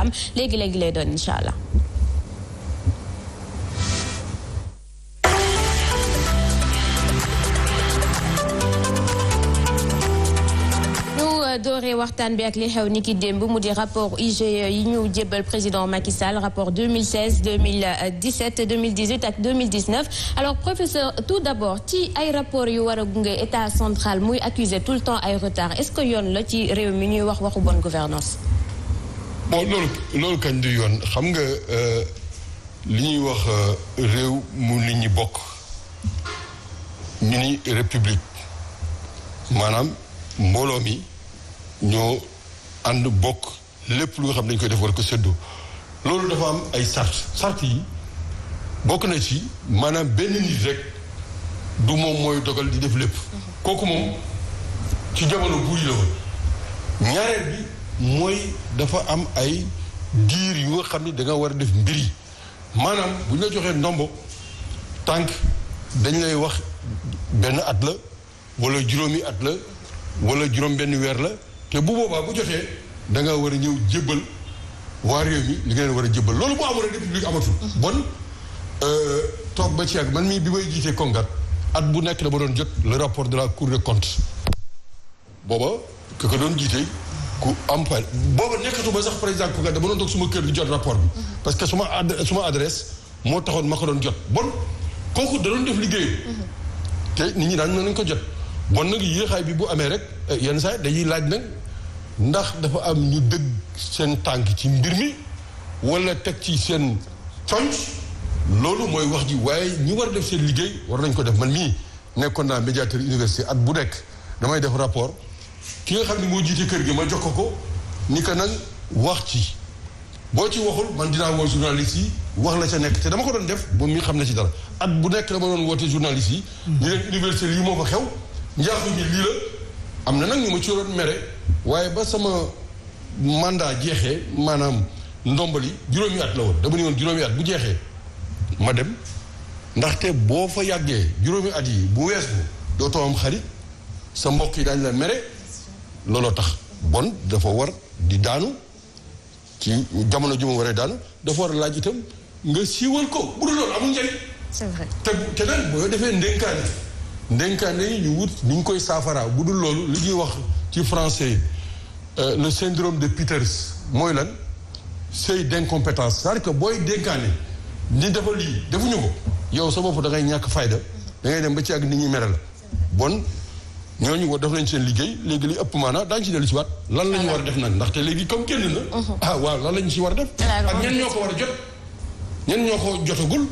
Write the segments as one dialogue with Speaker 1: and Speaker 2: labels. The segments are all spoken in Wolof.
Speaker 1: am léegi léegi lay doon incha allah. Euh, doore waxtaan bi ak li xew ni ki démb mu di rapport IGE yi ñu jébbal président Macky Sall rapport 2016 2017 2018 ak 2019 alors professeur tout d'abord ci ay rapport yu war a gunge état central muy accuser tout le temps ay retard est-ce que yoon la ci réew mi ñuy wax waxu bonne gouvernance
Speaker 2: bon loolu loolu kañ du yoon xam nga euh, li ñuy wax euh, réew mu nit ñi bokk ñu ni république maanaam mbooloo mi ñoo ànd bokk lépp lu nga xam ne dañ koy def war ko séddoo loolu dafa am ay sart sart yi bokk na ci maanaam benn nit rek du moom mooy dogal di def lépp mhm. kooku moom ci jamono buur yi la woon ñaareel bi mooy dafa am ay diir yu nga xam ni da war a def mbir yi maanaam bu ñu joxee ndombo tànk dañ lay wax benn at la wala juróomi at la wala juróom benn weer la te bu boobaa bu jotee danga war a ñëw jébbal waa yooyu mi li nga leen war a jébbal loolu bu amoon rek république amatul bon euh, toog ba ci ak man mii bi may jiitee kongat at bu nekk dama doon jot le rapport de la cour des comptes booba ku ko doon jiite ku am pal booba ba sax par exemple ku nga dama doon toog suma kër gi jot rapport bi mhm. parce que suma ad suma adresse moo taxoon ma ko doon jot bon kooku da doon def mhm. te nit ñi daan nañ ko jot bon nag yéexaay bi bu amee rek eh, yenn saa dañuy laaj nag ndax dafa am ñu dëgg seen tànk ci mbir mi wala teg ci seen conc loolu mooy wax ji waaye ñi war a def seen liggéey war nañ ko def man mii nekkoon naa médiateur université at bu nekk damay def rapport ki nga xam ne moo jiite kër gi ma jox ko ni ko nag wax ci boo ci waxul man dinaa woo journaliste yi wax la sa nekk te dama ko doon def moom mi xam ne si dara at bu nekk dama doon woote journaliste yi ñu leen université lii moo fa xew njaaxu bi lii la am na nag ñu ma ci doon mere waaye ba sama mandat jeexee maanaam ndombali juróomi at la woon dama ne woon juróomi at bu jeexee ma dem ndaxte boo fa yàggee juróomi at yi bu wees bu dootoo am xarit sa mbokk yi daañu la me looloo tax bon dafa war di daanu ci jamono ji waree daanu dafa war laaj itam nga siiwal ko bu dul loolu amul njëriñ. te te boo defee ndénkaane ndénkaane yi wut ni ñu koy saafaraa bu dul loolu li ñuy wax ci français euh, le syndrome de Peters mooy lan seuil d'incompétence cest booy dénkaane ni dafa lii defuñu ko yow sa bopp da ngay ñàkk fayda da dem ba ci ak ni ñi mere la ñooñu war def nañ seen liggéey léegi li ëpp maanaa daañu si dellu si waat lan la ñu war a def nag ndaxte léegi comme kenn na ah waaw lan la ñu si war a def ak ñan ñoo ko war a jot jotagul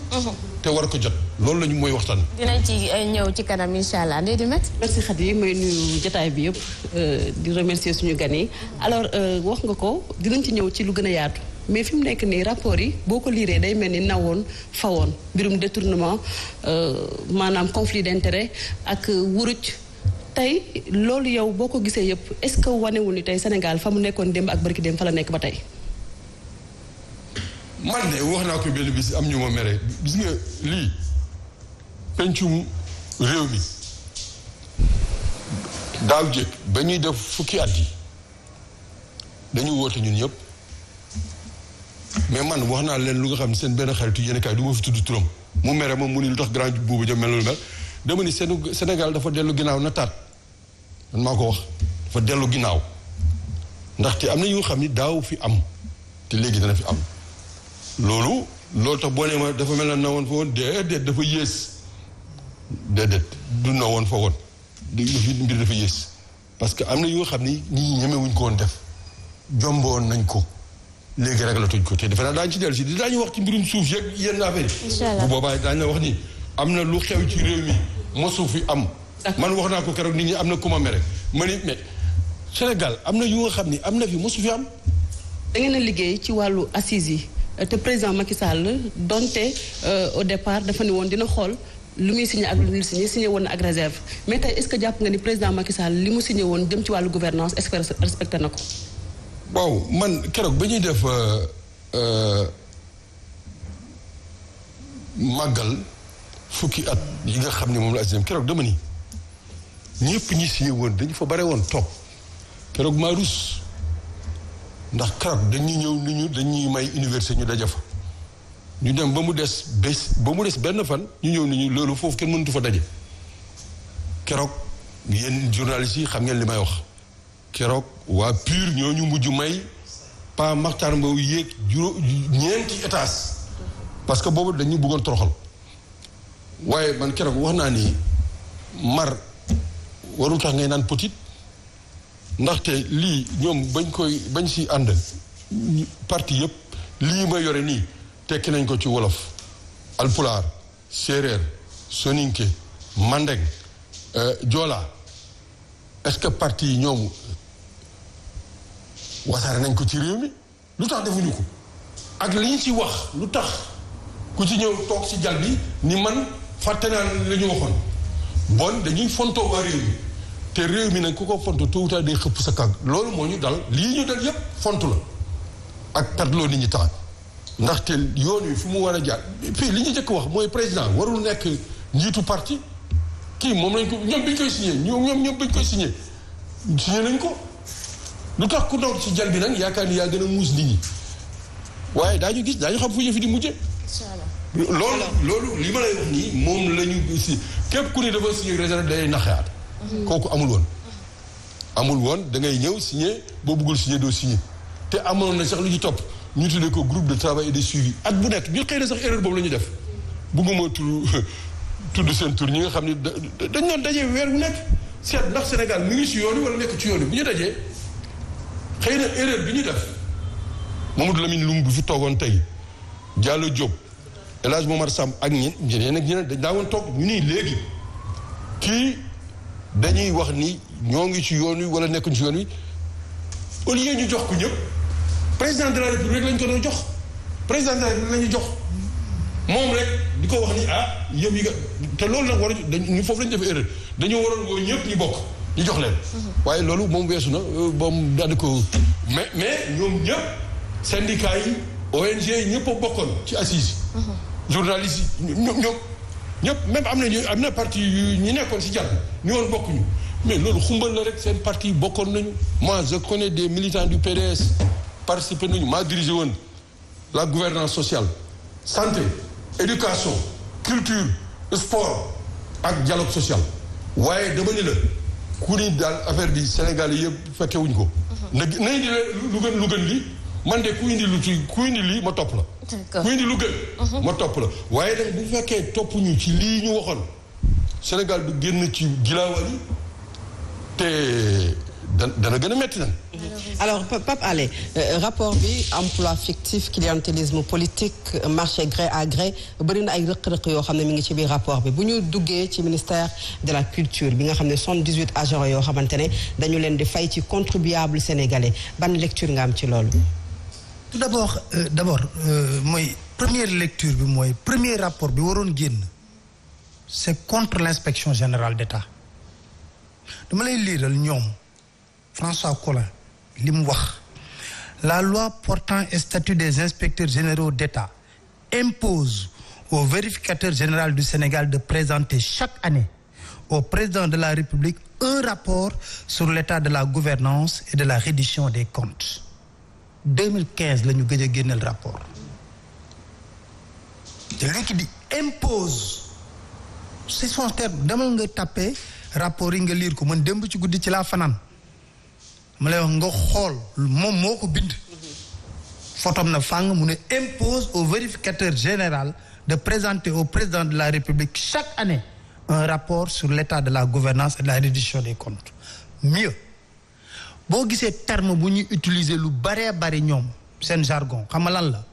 Speaker 2: te war ko jot loolu la ñu mooy waxtaan
Speaker 3: dinañ ci euh, ñëw ci kanam incha allah ndey di met merci Khady may nuyu jotaay bi yëpp euh, di remercier suñu gan yi alors euh, wax nga ko dinañ ci ñëw ci lu gën a yaatu mais fi mu nekk nii rapport yi boo ko liiree day mel ni nawoon fawoon mbirum détournement maanaam conflit d'intérêt ak wuruj tey loolu yow boo ko gisee yëpp est-ce que wanewul ni tey Sénégal fa mu nekkoon démb ak barki démb fa la nekk ba tey.
Speaker 2: man de wax naa ko benn bis am ñu ma mere gis nga lii pencum réew mi daaw jéeg ba ñuy def fukki at yi dañu woote ñun ñëpp mais man wax naa leen lu nga xam ne seen benn xaritu yéen kaay du ma fi tudd turam mu mere ma mu ni lu tax grand boobu jëm mel dama ni Sénégal dafa dellu ginnaaw na man maa ko wax dafa dellu ginnaaw ndaxte am na yoo xam ni daaw fi am te léegi dana fi am loolu loolu tax boo nee ma dafa mel na na woon fa woon déedéet dafa yées déedéet du na woon fa woon fi mbir dafa yées parce que am na yoo xam ni nit ñemewuñ ko woon def jomboon nañ ko léegi rek la tuñ ko te defe naa daañu ci dellu si di daañu wax ci mbirum suuf yeeg yenn affaire yi bu boobaa daañu la wax ni am na lu xew ci réew mi suuf fi am man wax naa ko keroog nit ñi am na ku ma mere ma ni mais Sénégal am na yu nga xam ni am na fi mosu fi am.
Speaker 3: da ngeen liggéey ci wàllu assise yi te président Macky Sall donte euh, au depart dafa ne woon dina xool. lu muy signé ak lu muy signé signé woon na ak réserve mais tey est que jàpp nga ni président Macky li mu signé woon jëm ci wàllu gouvernance est na ko.
Speaker 2: waaw man keroog ba ñuy def euh, euh, màggal fukki at yi nga xam ne moom la as keroog dama ni. ñëpp ñi si woon dañu fa bare woon toog keroog maa rus ndax keroog dañuy ñëw ni ñu dañuy may université ñu daje fa ñu dem ba mu des bés ba mu des benn fan ñu ñëw ni ñu loolu foofu kenn mënatu fa daje keroog yenn journalistes yi xam ngeen li may wax keroog waa PUR ñoo ñu mujj may Pa Makhtar Mbow yéeg juróom ñeenti étage parce que boobu dañu bëggoon toroxal waaye man keroog wax naa ni mar warul tax ngay naan petite ndaxte lii ñoom bañ koy bañ si ànd parti yëpp lii ma yore nii tekki nañ ko ci wolof alpulaar séeréer soninke mandeng euh, joola est-ce que parti yi ñoom wasaare nañ ko ci réew mi lu tax defuñu ko ak li ñu ci wax lu tax ku ci ñëw toog ci jal bi ni man fàtte naa li ñu bon dañuy fontoo waa réew mi te réew mi nag ku ko font tuuta day xëpp sa kàgg loolu moo ñu dal lii ñu dal yépp font la ak perloo nit ñi temps ndaxte yoon wi fu mu war a jaar fii li ñu jëkk wax mooy président warul nekk njiitu parti kii moom lañ ko ñoom bi ñu koy signé ñoom ñoom ñoom bi ñu nañ ko lu tax ku ndaw ci jal bi nag yaakaar ni yaa gën a muus nit ñi waaye ñu gis daañu xam fu ñu fi di mujje loolu loolu li ma lay wax nii moom la ñu si képp ku ne dafa signé réserve day naxaat kooku amul woon amul woon da ngay ñëw signé boo bëggul signé doo signé te amoon na sax lu ñu topp ñu tuddee ko groupe de travail et de suivi at bu nekk ñu xëy na sax erreur boobu la ñu def bëgguma tudd tudd seen tur ñi nga xam ne dañ doon dajee weer bu seet ndax Sénégal mi ngi si yoon wala nekk ci yoon bu ñu dajee xëy na erreur bi ñu def Mamadou Lamine bu fi toogoon tey Diallo Diop El Hadj Momar Samb ak ñeneen ak ñeneen dañ daa woon toog ñu nii léegi kii dañuy wax nii ñoo ngi ci yoon wi wala nekkuñ ci yoon wi au lieu ñu jox ko ñëpp président de la république lañ ko doon jox président de la république lañu jox moom rek di ko wax ni ah yëpp yi nga te loolu nag war dañu foofu lañu defee erreur dañoo waroon woo ñëpp ñu bokk ñu jox leen. Mhm. waaye loolu moom weesu na euh, moom daal di ko mais mais ñoom ñëpp syndicats yi ONG ñëpp a bokkoon ci assise mhm. journalistes ñoom ñoom. ñëpp même am na ñu am na parti ñu nekkoon si jàll ñu woon bokkuñu mais loolu xumbal la rek seen parti bokkoon nañu mois je connais des militants du PDS participé nañu maa dirigé woon la gouvernance sociale santé éducation culture sport ak dialogue sociale waaye dama ni la ku ni daal affaire bi Sénégal yëpp fekkewuñu ko mhm. na na indi lu gën lu gën li man de ku indi lu ci ku indi lii ma topp la
Speaker 1: muy indi lu gën. Mhm. ma topp
Speaker 2: la waaye nag bu fekkee topp ñu ci lii ñu waxoon Sénégal du génn ci gilaawal yi te. dana gën a métti nag.
Speaker 4: alors Pape Alé euh, rapport bi emploi fictif clientélisme politique marché gré à gré bëri ay rëq-rëq yoo xam ne mu ngi ci biir rapport bi bu ñu duggee ci ministère de la culture bi nga xam ne 78 agents yoo xamante ne dañu leen di fay ci contribuable sénégalais ban lecture nga am ci loolu.
Speaker 5: tout d'abord euh, d'abord euh, mooy première lecture bi mooy premier rapport bi waroon génn c'est contre l'inspection générale d'État dama lay liiral ñoom François Collin li mu wax la loi portant statut des inspecteurs généraux d'État impose au vérificateur général du Sénégal de présenter chaque année au président de la République un rapport sur l'état de la gouvernance et de la reddition des comptes 2015 la ñu gëj a génneel rapport te léegi di impose c'est son terme demal nga tàppee rapport yi nga liir ko man démb ci guddi ci laa fanaan ma lay nga xool moom moo ko bind fotom na fàng mu ne impose au vérificateur général de présenter au président de la République chaque année un rapport sur l'état de la gouvernance et de la reddition des comptes mieux boo gisee terme bu ñu utiliser lu baree bari ñoom seen jargon xam nga lan la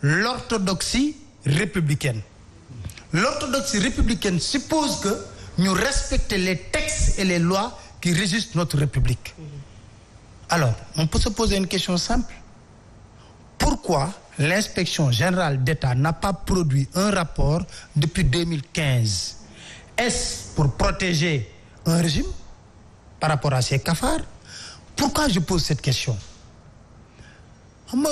Speaker 5: l'orthodoxie républicaine l'orthodoxie républicaine suppose que ñu respecter les textes et les lois qui régissent notre république alors on peut se poser une question simple pourquoi l'inspection générale d'État n'a pas produit un rapport depuis 2015 est-ce pour protéger un régime par rapport à ses cafards pourquoi je pose cette question xam nga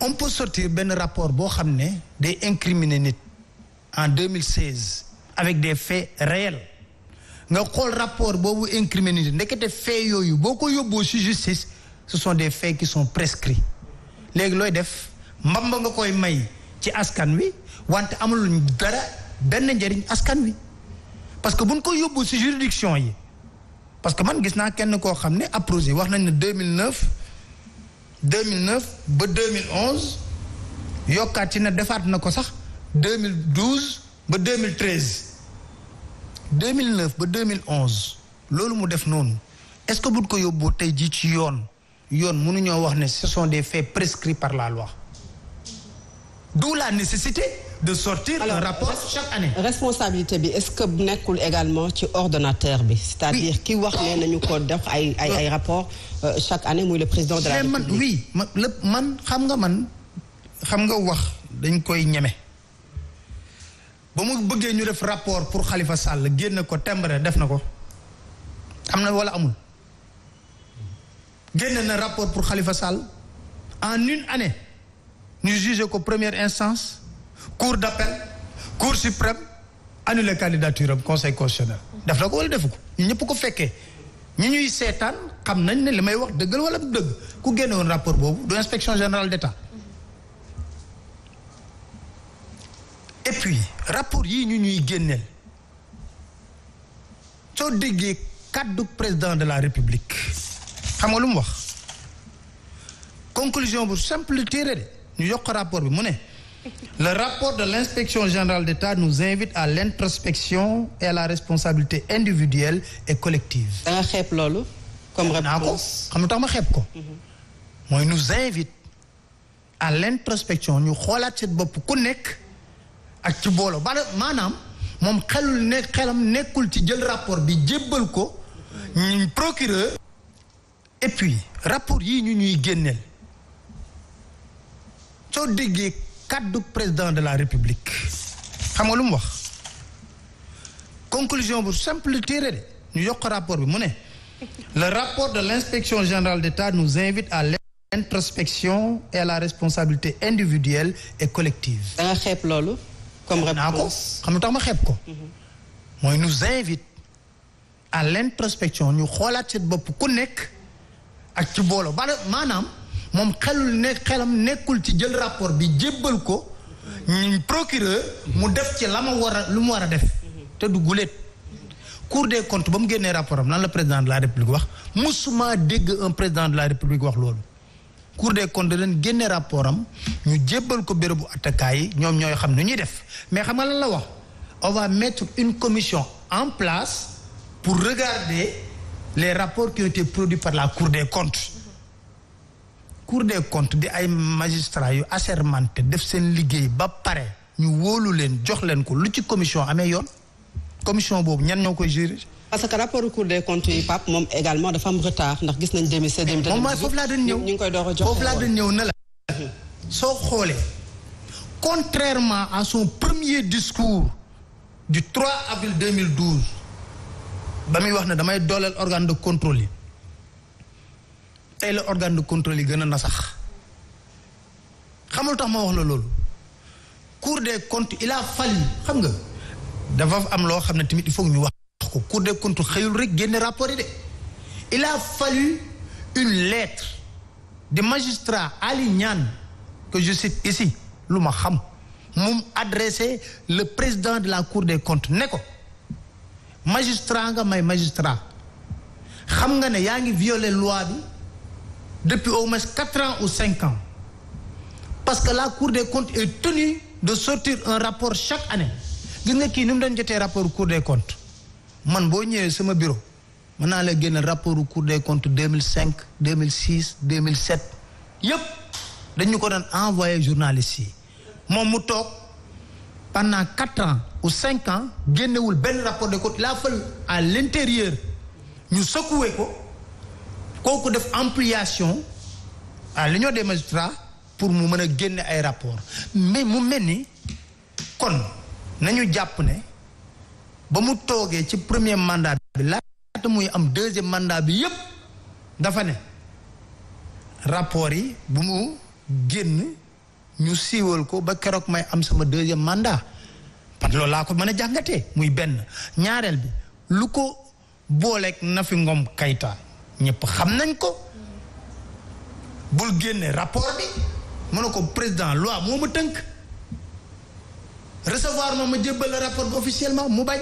Speaker 5: on peut sortir benn rapport boo xam ne day incriminer nit en 2016 avec des faits réels nga xool rapport boobu incriminer nit ndekete faits yooyu boo ko yóbboo ci justice ce sont des faits qui sont prescrits léegi looy def mbamba nga koy may ci askan wi wante amul dara benn njëriñ askan wi parce que buñ koy yóbbu ci juridiction yi parce que man gis naa kenn koo xam ne approché wax nañ ne 2009 2009 ba 2011 yokkaat ci ne defaat na ko sax 2012 ba mille 2009 ba mille 2011 loolu mu def noonu est-ce que bu ko yóbbu tey jii ci yoon yoon mënuñoo wax ne ce sont des faits prescrits par la loi d'où la nécessité. de sortir Alors, un rapport chaque année.
Speaker 4: responsabilité bi est-ce que nekkul également ci ordonnateur bi. c'est-à-dire ki wax ne nañu ko def ay ay ay rapport euh, chaque année muy le président de la République.
Speaker 5: man ma lépp man xam nga man xam nga wax dañ koy ñeme. ba mu bëggee ñu def rapport pour xalifa Sall génn ko tembare def na ko am na wala amul génn na rapport pour xalifa Sall en une année ñu jugé ko première instance cour d' appel cour suprême annulé candidature am conseil constitutionnel. def na ko wala defu ko ñu ñëpp ko fekkee ñu ñuy seetaan xam nañ ne li may wax dëggal wala dëgg ku génnewoon rapport boobu du inspection générale d' état. et puis rapport yii ñu ñuy génneel soo déggee kàddu président de la république xam nga lu mu wax conclusion bu simple téere de ñu yokk rapport bi mu ne. Le rapport de l'inspection générale d'État nous invite à l'introspection et à la responsabilité individuelle et collective. da nga xeeb xam nga tax ma xep ko. Mhm. mooy nous invite à l'introspection ñu xoolaat seen bopp ku nekk ak ci boolo ba maanaam moom xelul xelam nekkul ci jël rapport bi jébbal ko ñu procureur. et puis rapport yi ñu ñuy génneel soo déggee. kaddu président de la république xam nga lu mu wax conclusion bu simple téere de ñu yokk rapport bi mu ne le rapport de l'inspection générale d'État nous invite à l'introspection et à la responsabilité individuelle et collective da nga loolu comme naa ko xam nga tax ma xeeb ko mhm. mooy nous invite à l'introspection ñu xoolaat seen bopp ku nekk ak ci booloo bala maanaam moom xelul ne xelam nekkul ci jël rapport bi jébbal ko procureur mu def ci la ma war a lu mu war a def te du guléet cour de comptes ba mu génnee rapport am lan la président de la république wax musuma dégg un président de la république wax loolu cour de comptes leen génne rapport am ñu jébbal ko bérébu attakaay yi ñoom ñooy xam ni ñuy def mais xam nga lan la wax on va mettre une commission en place pour regarder les rapports qui ont été produits par la cour des comptes cour des comptes di ay magistrats yu assermenté def seen liggéey ba pare ñu wóolu leen jox leen ko lu ci commission amee yoon commission boobu ñan ñoo koy gérer.
Speaker 4: parce que rapport cour des comptes yi Pape moom également dafa am retard ndax gis nañ 2016 2017. moom mooy foofu laa a foofu laa doon ñëw
Speaker 5: na la. soo xoolee contrairement à son premier discours du 3 avril 2012 ba muy wax ne damay dooleel organe de contrôle yi. tey la organe de contrôle gën a nasax xamul tax ma wax la loolu cour des comptes il a fallu xam nga dafa am loo xam ne tamit il faut ñu wax ko cour des comptes xëyul rek génne rapport yi de il a fallu une lettre de magistrat Ali Niane que je cite lu ma xam moom adressé le président de la cour des comptes ne ko magistrat nga may magistrat xam nga ne yaa ngi violé loi bi depuis au moins 4 ans ou 5 ans. Parce que la Cour des comptes est tenue de sortir un rapport chaque année. gis nga kii ni mu doon jotee rapport Cour des comptes man boo ñëwee sama bureau mën naa la génne rapport Cour des comptes 2005 2006 2007 yëpp dañu ko doon envoyé journaliste yi moom mu toog pendant quatre ans ou cinq ans génnewul benn rapport des comptes il a à l'intérieur ñu secoué ko. kooku def ampliation à ñoo des magistrats pour mu mën a génne ay rapport mais mu mel ni kon nañu jàpp ne ba mu toogee ci premier mandat bi laata muy am deuxième mandat bi yëpp dafa ne rapport yi bu mu génn ñu siiwal ko ba keroog may am sama deuxième mandat parce que loolu laa ko mën a jàngatee muy benn ñaareel bi lu ko booleeg na fi ngom kayta ñëpp xam nañ ko bul génne rapport bi mu ne ko président loi moo ma tënk recevoir ma ma jébbal la rapport bi officiellement mu bañ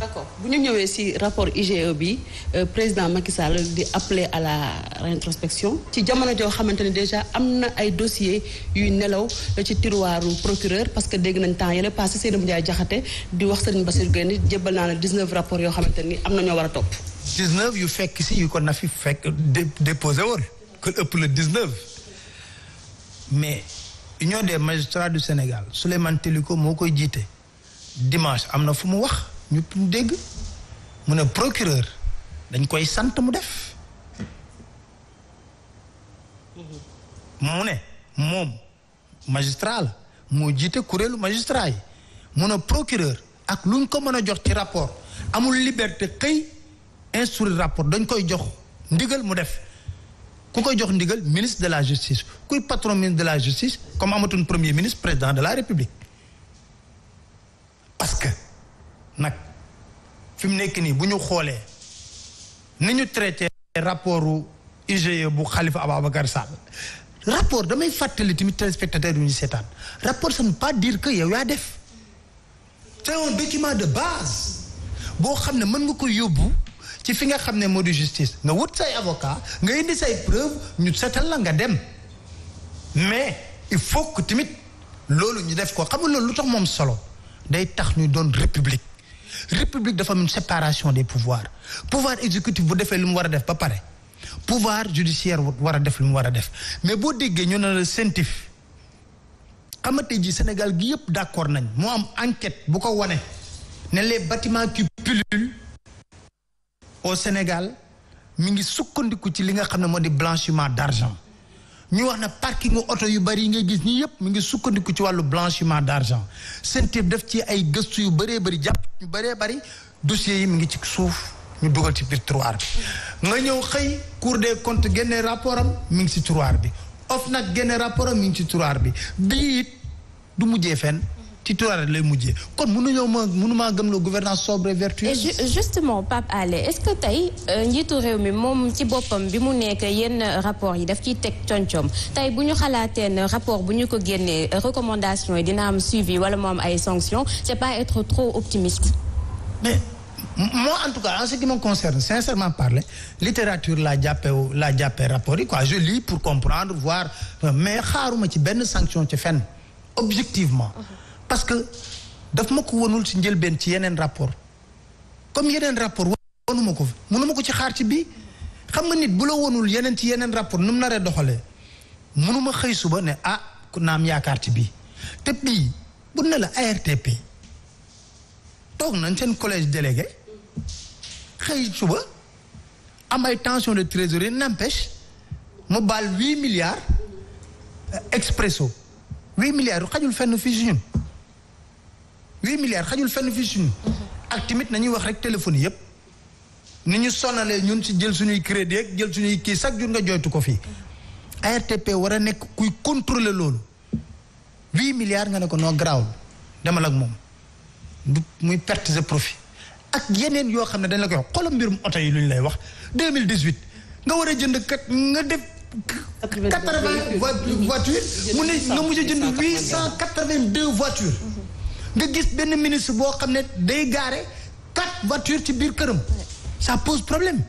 Speaker 5: d'accord bu ñu ñëwee ci rapport
Speaker 3: IGE bi euh, président Macky Sall di appeler à la réintrospection ci jamono joo xamante ne déjà am na ay dossiers yuy nelaw ci tiroiru procureur parce que dégg nañ temps yële passé Seydou Ndiaye Diakhaté di wax Serigne Bassirou Guèye ni jébbal naa la 19 rapports yoo xamante ni am na
Speaker 5: ñoo war a topp 19 yu fekk si yu ko na fi fekk déposé woon kon ëpp la 19 mais union des magistrats du Sénégal Souleymane Téliko moo koy jiite dimanche am na fu mu wax ñu dégg mu ne procureur dañ koy sant mu def mu ne moom magistrat la moo jiite kuréelu magistrat yi mu ne procureur ak luñ ko mën a jox ci rapport amul liberté xëy instruire rapport dañ koy jox ndigal mu def ku koy jox ndigal ministre de la justice kuy patron ministre de la justice comme amatuñ premier ministre président de la république parce que nag fi mu nekk nii bu ñu xoolee ni ñu traité rapportu IGE bu Khalifa Ababacar Sall rapport damay fàttali tamit téléspectateur yu ñu seetaan rapport ça ne pas dire que yow yaa def c'est un de base boo xam ne mën nga koy yóbbu ci fi nga xam ne moo di justice nga wut say avocat nga indi say preuve ñu setal la nga dem mais il faut que tamit loolu ñu def ko xam nga lu tax moom solo day tax ñu doon république république dafa am une séparation des pouvoirs pouvoir exécutif bu defee lu mu war a def ba pare pouvoir judiciaire war a def lu mu war a def mais boo déggee ñu na la sentif xamate ji Sénégal gi yëpp d'accord nañ moo am enquête bu ko wane ne les bâtiments qui pullulent au Sénégal mu ngi sukkandiku ci li nga xam ne moo di blanchiment d'argent ñu wax ne parking oto yu bari yi ngay gis ñi yëpp mi ngi sukkandiku ci wàllu blanchiment d'argent CNTIF def ci ay gëstu yu bëree bëri jàpp yu bëree bëri dossiers yi mi ngi ci suuf ñu dugal ci biir tiroir bi nga ñëw xëy Cour des comptes génne rapport am mi ngi ci tiroir bi nag génne rapport am mi ngi ci tiroir bi bii du mujjee fen ci tiroir lay mujjee kon mënuñoo ma mënumaa gëm la gouvernance sobre et vertueuse justement Pape Alé
Speaker 1: est-ce que tey euh, njiitu réew mi moom ci boppam bi mu nekk yenn rapport yi daf ci teg concom tey bu ñu xalaatee ne rapport bu ñu ko génnee recommandation yi dina am suivi wala moo am ay sanctions c'est pas être trop
Speaker 5: optimiste mais en tout cas en ce qui me concerne sincèrement parler littérature jàppe jàppee laa jàppee rapport yi quoi je lis pour comprendre voir euh, mais xaaruma ci benn sanction ci fenn objectivement uh-huh. parce que daf ma ko wonul ci njëlbeen ci yeneen rapport comme yeneen rapport wonuma ko fi mënuma ko ci xaar ci bii xam nga nit bu la wonul yeneen ci yeneen rapport nu mu naree doxalee mënuma xëy suba ne ah ku naam yaakaar ci bi te bii bu ne la ARTP toog nañ seen collège délégué xëy suba am ay tension de trésorerie n'empêche mu baal huit milliards euh, expresso huit milliards xajul fenn fii si huit milliards xajul fenn fii suñu. ak tamit nañuy wax rek téléphone yëpp. ni ñu sonalee ñun ci jël suñuy crédit ak jël suñuy kii chaque jour nga jooytu ko fii. ARTP war a nekk kuy contrôler loolu. huit milliards nga ne ko noo garaawul demal ak moom. muy perte de profit. ak yeneen yoo xam ne dañ la koy wax xoolal mbirum oto yi lu lay wax deux mille dix huit nga war a jënd kat nga def. quatre vingt voitures mu ne nga mujj a jënd huit cent quatre vingt deux voitures. nga gis benn ministre boo xam ne day gaare quatre voitures ci biir këram ça pose problème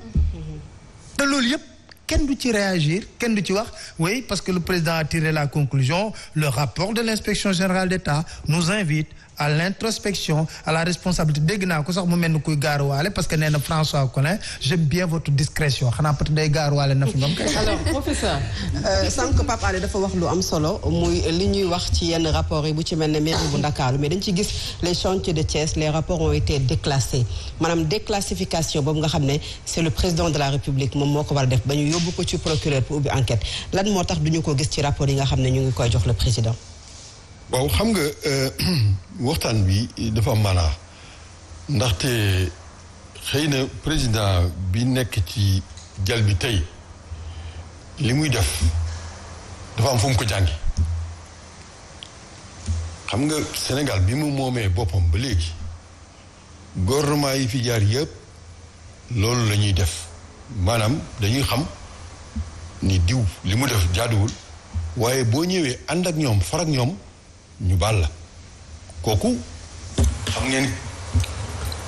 Speaker 5: te loolu yëpp kenn du ci réagir kenn du ci wax oui parce que le président a tiré la conclusion le rapport de l'inspection générale d'État nous invite à l'introspection à la responsabilité naa ko sax mu mel ni kuy gaaruwaale parce que nee na François Collin j'aime bien votre discrétion xanaa peut-être day gaaruwaale na fi moom kay. alors
Speaker 4: professeur euh, sànq Pape Alé dafa wax lu am solo muy li ñuy wax ci yenn rapport yi bu ci mel ne mairie bu Ndakaaru mais dañ ci gis les chantiers de Thiès les rapports ont été déclassés déclassification boobu nga xam ne c'est le président de la République moom moo ko war a def ba ñu yóbbu ko ci procureur pour ubbi enquête lan moo tax ko gis ci rapport yi nga xam ne ñu ngi koy jox le président
Speaker 2: waaw xam nga euh, waxtaan bi dafa am ndaxte xëy na président bi nekk ci jal bi tey li muy def dafa am fu mu ko jàngi xam nga Sénégal bi mu moomee boppam ba léegi gouvernement yi fi jaar yëpp loolu la ñuy def maanaam dañuy xam ni diw li mu def jaaduwul waaye boo ñëwee ànd ak ñoom far ak ñoom ñu baal la kooku xam ngeen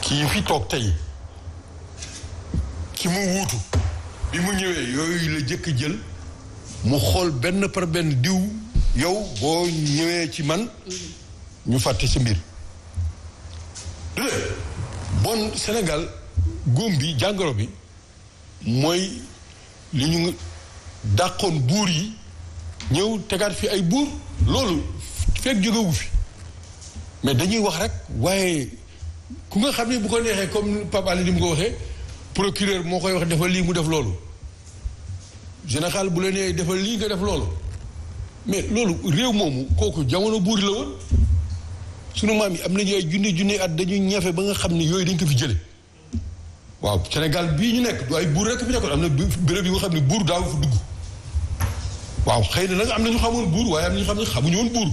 Speaker 2: kii fi toog tey ki mu wuutu bi mu ñëwee yooyu la jëkk jël mu xool benn par benn diw yow boo ñëwee ci man ñu fàtte sa mbir bon Sénégal góom bi jàngoro bi mooy li ñu dàqoon buur yi ñëw tegaat fi ay buur loolu fekk jógewu fi mais dañuy wax rek waaye ku nga xam ne bu ko neexee comme Pape Alé ni mu ko waxee procureur moo koy wax defal lii mu def loolu général bu la nee defal lii nga def loolu mais loolu réew moomu kooku jamono buur la woon sunu maam yi am nañu ay junne junne at dañuy ñafe ba nga xam ni yooyu dañ ko fi jële waaw Sénégal bii ñu nekk waaye ay buur rek fi nekkoon am na béréb yi nga xam ne buur daaw fa dugg waaw xëy na nag am na ñu xamoon waaye am na ñu xam ne xamuñu woon buur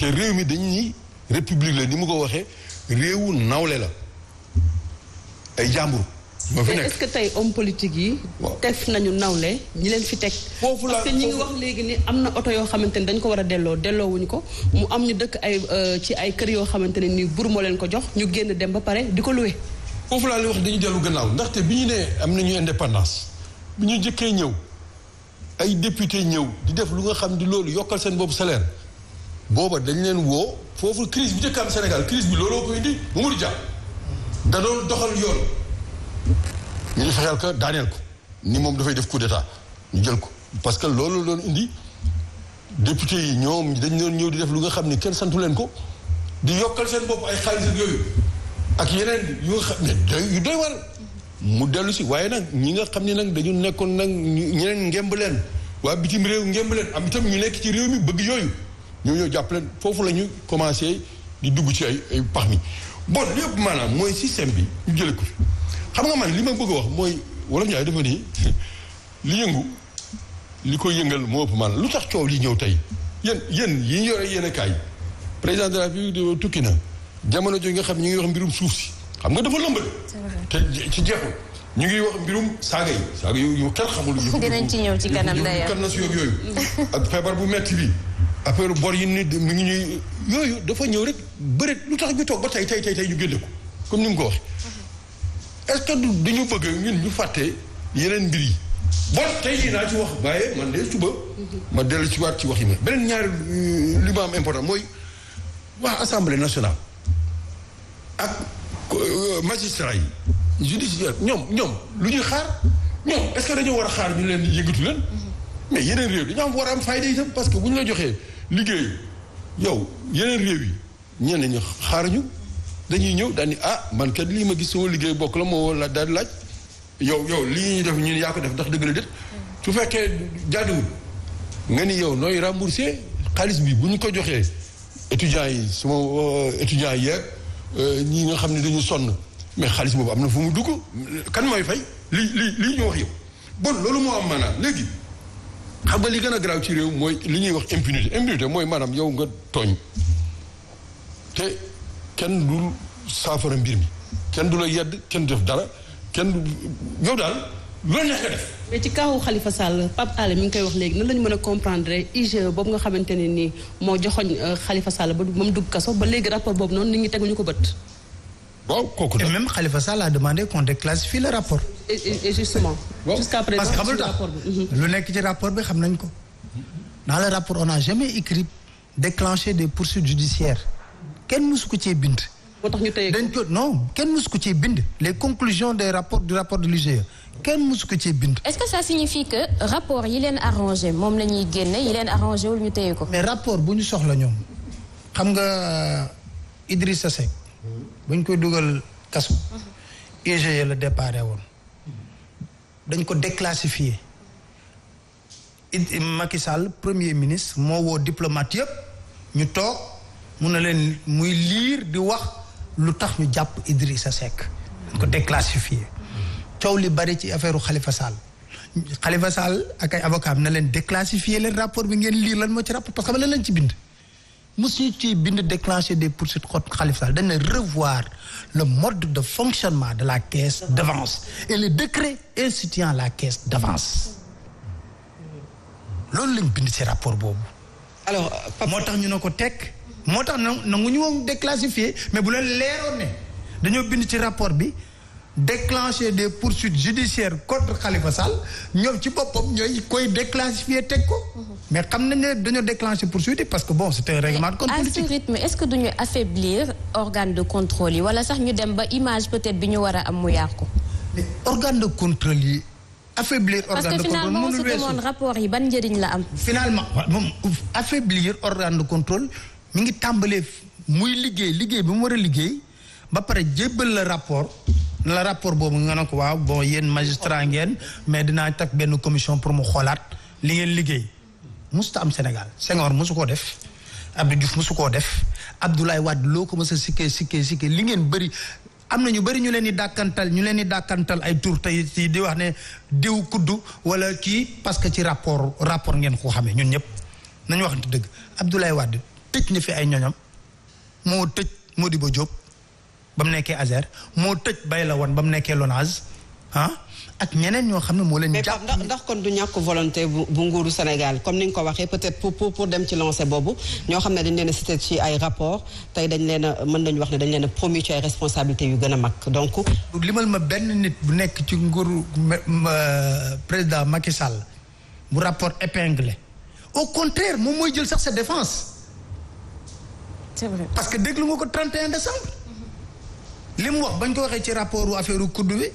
Speaker 2: te réew mi dañ ni république la ni mu ko waxee réewu nawle la ay jàmbur. moo fi nekk est-ce
Speaker 3: que tey homme politique yi. tef nañu nawle ñi leen fi teg. foofu la parce que ñi ngi wax léegi ni am na oto yoo xamante ni dañ ko war a delloo delloo wuñ ko mu am ñu dëkk ay euh, ci ay kër yoo xamante ne nii bur moo leen ko jox ñu génn dem ba pare di ko luwe.
Speaker 2: foofu laa li wax dañu dellu gannaaw ndaxte bi ñu nee am na nañu indépendance bi ñu jëkkee ñëw ay député ñëw di def lu nga xam di loolu yokkal seen boobu salaire. booba dañ leen woo foofu crise bi njëkk am Sénégal crise bi looloo koy indi Mamadou Dia da doon doxal yoon ñu ñu fexeel ko daaneel ko ni moom dafay def coup ñu jël ko parce que loolu doon indi député yi ñoom dañ doon ñëw di def lu nga xam ni kenn santu leen ko di yokkal seen bopp ay xaalis yooyu ak yeneen yu nga yu doy war mu dellu si waaye nag ñi nga xam ne nag dañu nekkoon nag ñu ñeneen ngemb leen waa bitim réew ngemb leen am itam ñu nekk ci réew mi bëgg yooyu ñoo ñoo jàpp foofu la ñu commencé di dugg ci ay ay pax mi bon lépp maanaam mooy système bi ñu jëlee ko fi xam nga man li ma bëgg a wax mooy wolof Njaay dafa nii li yëngu li ko yëngal moo ëpp maanaam lu tax coow li ñëw tey yéen yéen yi ñu yore yéen kaay président de la République tukki na jamono jooju nga xam ñu ngi wax mbirum suuf si xam nga dafa lëmbal te ci jeexul ñu ngi wax mbirum saaga yi saaga yu kenn xamul dinañ
Speaker 1: ci ñëw ci kanam yooyu
Speaker 2: ak feebar bu metti bi affaire bor yi nit mu ngi ñuy yooyu dafa ñëw rek bëri lu tax ñu toog ba tey tey tey tey ñu génne ko comme ni mu ko wax est-ce que du ñu bëgg ñun ñu fàtte yeneen mbir yi bon tey jii naa ci wax waaye man de suba ma dellu ci waat ci wax yi ma beneen ñaar euh, li ma am important mooy wax assemblée nationale ak euh, magistrat yi judiciaire ñoom ñoom lu ñuy xaar ñoom est-ce dañoo war a xaar ñu leen yëngatu leen mais yeneen réew dañoo am war a am fayda itam parce que bu ñu la joxee liggéey yow yeneen réew yi ñenn ñi xaaruñu dañuy ñëw daal ah man kat lii ma gis sama liggéey bokk la moo la daal laaj yow yow lii ñuy def ñun yaa ko def ndax dëgg la mm. su fekkee jaaduwul nga ni yow nooy remboursé xaalis bi bu ñu ko joxee étudiants yi suma euh, étudiants yi yeeg euh, ñi nga xam ne dañu sonn mais xaalis boobu am na fu mu dugg kan mooy fay lii li lii ñu wax yow bon loolu moo am maanaam léegi. xam nga li gën a garaaw ci réew mooy li ñuy wax impunité impunité mooy maanaam yow nga tooñ te kenn du saafara mbir mi kenn du la yedd kenn du def dara kenn du yow daal loolu la def.
Speaker 3: mais ci kaw xalifa Sall Pape Alé mi ngi koy wax léegi nan la ñu mën a comprendre IGE boobu nga xamante ne nii moo joxoñ euh, Khalifa Sall ba moom dugg kaso ba léegi rapport boobu noonu nit ñi teguñu ko bët.
Speaker 5: waaw kooku et même Khalifa Sall a demandé qu'on déclassifie le rapport. et et justement. waaw jusqu'à présent parce que mhm. lu nekk ci rapport bi xam nañ ko. dans le rapport on n'a jamais écrit déclencher des poursuites judiciaires kenn mësu ko cee bind. moo tax ñu tey dañ ko non kenn mësu ko cee bind. les conclusions des rapports du rapport de l'IGE kenn mësu ko cee bind.
Speaker 1: est-ce que ça signifie que rapport yi leen arrangé moom la ñuy génne yi leen arrangé wul ñu
Speaker 5: téye ko. mais rapport bu ñu soxla ñoom xam nga Idrissa Seck. buñ koy dugal kasu IGE la déparé woon dañ ko déclassifié Macky Sall premier ministre moo woo diplomate yëpp ñu toog mun na leen muy liir di wax lu tax ñu jàpp Idrissa Seck dañ ko déclassifié coow li bari ci affaire Khalifa Sall Khalifa Sall ak ay avocat na leen déclassifié leen rapport bi ngeen liir lan moo ci rapport parce que xam leen lañ ci bind mosuñu ci bind déclencher des poursuites contre Khalifa Sall dana revoir le mode de fonctionnement de la caisse d'avance et les décrets instituant la caisse d'avance loolu lañ bind ci rapport boobu. alors moo tax ñu ne ko teg moo tax na nangu ñu woon déclassifié mais bu leen leeroon ne dañoo bind ci rapport bi. déclencher des poursuites judiciaires cot Khalifa Sall ñoom ci boppam ñooy koy déclassifier teg ko. mais xam na ne dañoo déclencher poursuite parce que bon c' est un règlement de compte politique. à ce
Speaker 1: rythme que duñu affaiblir organe de yi wala sax ñu dem ba image peut être bi ñu war a am mu yàqu.
Speaker 5: mais organe de contrôle yi. affaiblir organe de contrôle parce que finalement on se demande
Speaker 1: rapport yi ban njëriñ la am. finalement
Speaker 5: moom affaiblir organe de contrôle mi ngi tàmbalee muy liggéey liggéey bi mu war a liggéey ba pare jébbal la rapport. na la rapport boobu nga na ko waaw bon yéen magistrat ngeen mais dinaa teg benn commission pour mu xoolaat li ngeen liggéey musta am Sénégal Senghor musu koo def Abdou Diouf koo def Abdoulaye Wade loo ko mës a sikkee sikkee li ngeen bëri am na ñu bëri ñu leen di dàkkantal ñu leen di dàkkantal ay tur tey ci di wax ne diw kuddu wala kii parce que ci rapport rapport ngeen ko xamee ñun ñëpp nañu wax waxante dëgg Abdoulaye Wade tëj ñu fi ay ñoñam moo tëj ba Diop ba mu nekkee Azer moo tëj bay la woon ba mu nekkee Lonase ah ak ñeneen ñoo xam ne moo leen. jàpp ndax ndax
Speaker 4: kon du ñàkk volonté bu bu nguuru Sénégal comme ni nga ko waxee peut-être pour pour pour dem ci lancé boobu ñoo xam ne dañ leen a cité ci ay rapport tey dañ leen a mën nañu wax ne dañ leen a promis
Speaker 5: ci ay responsabilités yu gën a mag donc. limal ma benn nit bu nekk ci nguuru président Macky Sall bu rapport épinglé au contraire moom mooy jël sax sa défence c'est parce que déglu nga ko 31 décembre. li mu wax bañ ko waxee ci rapport wu affaire kudd bi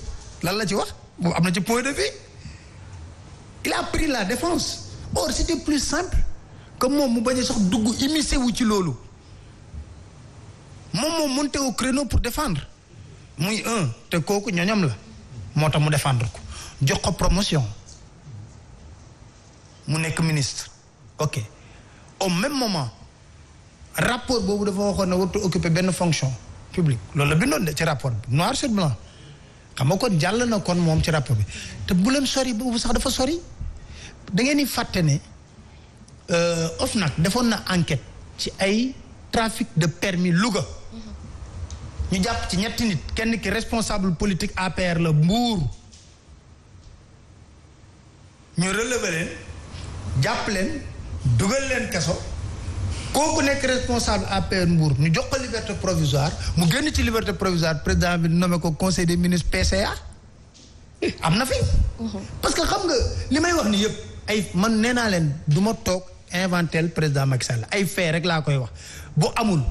Speaker 5: lan la ci wax boobu am na ci point de vue il a pris la défense or c'était plus simple que moom mu bañ a sax dugg immiscé wu ci loolu moom moom monté au créneau pour defendre muy un te kooku ñoñam la moo tax mu defendre ko jox ko promotion mu nekk ministre ok au même moment rapport boobu dafa waxoon ne wartu occuper benn fonction publique loolu la bindoon de ci rapport bi noir sur blanc xam nga kon jàll na kon moom ci rapport bi te buleen leen sori boobu sax dafa sori da ngeen di fàtte ne euh, OFNAC defoon na enquête ci ay trafic de permis Louga ñu jàpp ci ñetti nit kenn ki responsable politique APR la Mbour ñu relever leen jàpp leen dugal leen kaso kooku nekk responsable APR Mbour ñu jox ko liberté provisoire mu génn ci liberté provisoire président bi nommé ko conseil des ministres PCA am na fi. parce que xam nga li may wax ni yëpp ay man nee naa leen du ma toog inventel président Macky Sall ay fait rek laa koy wax bu amul.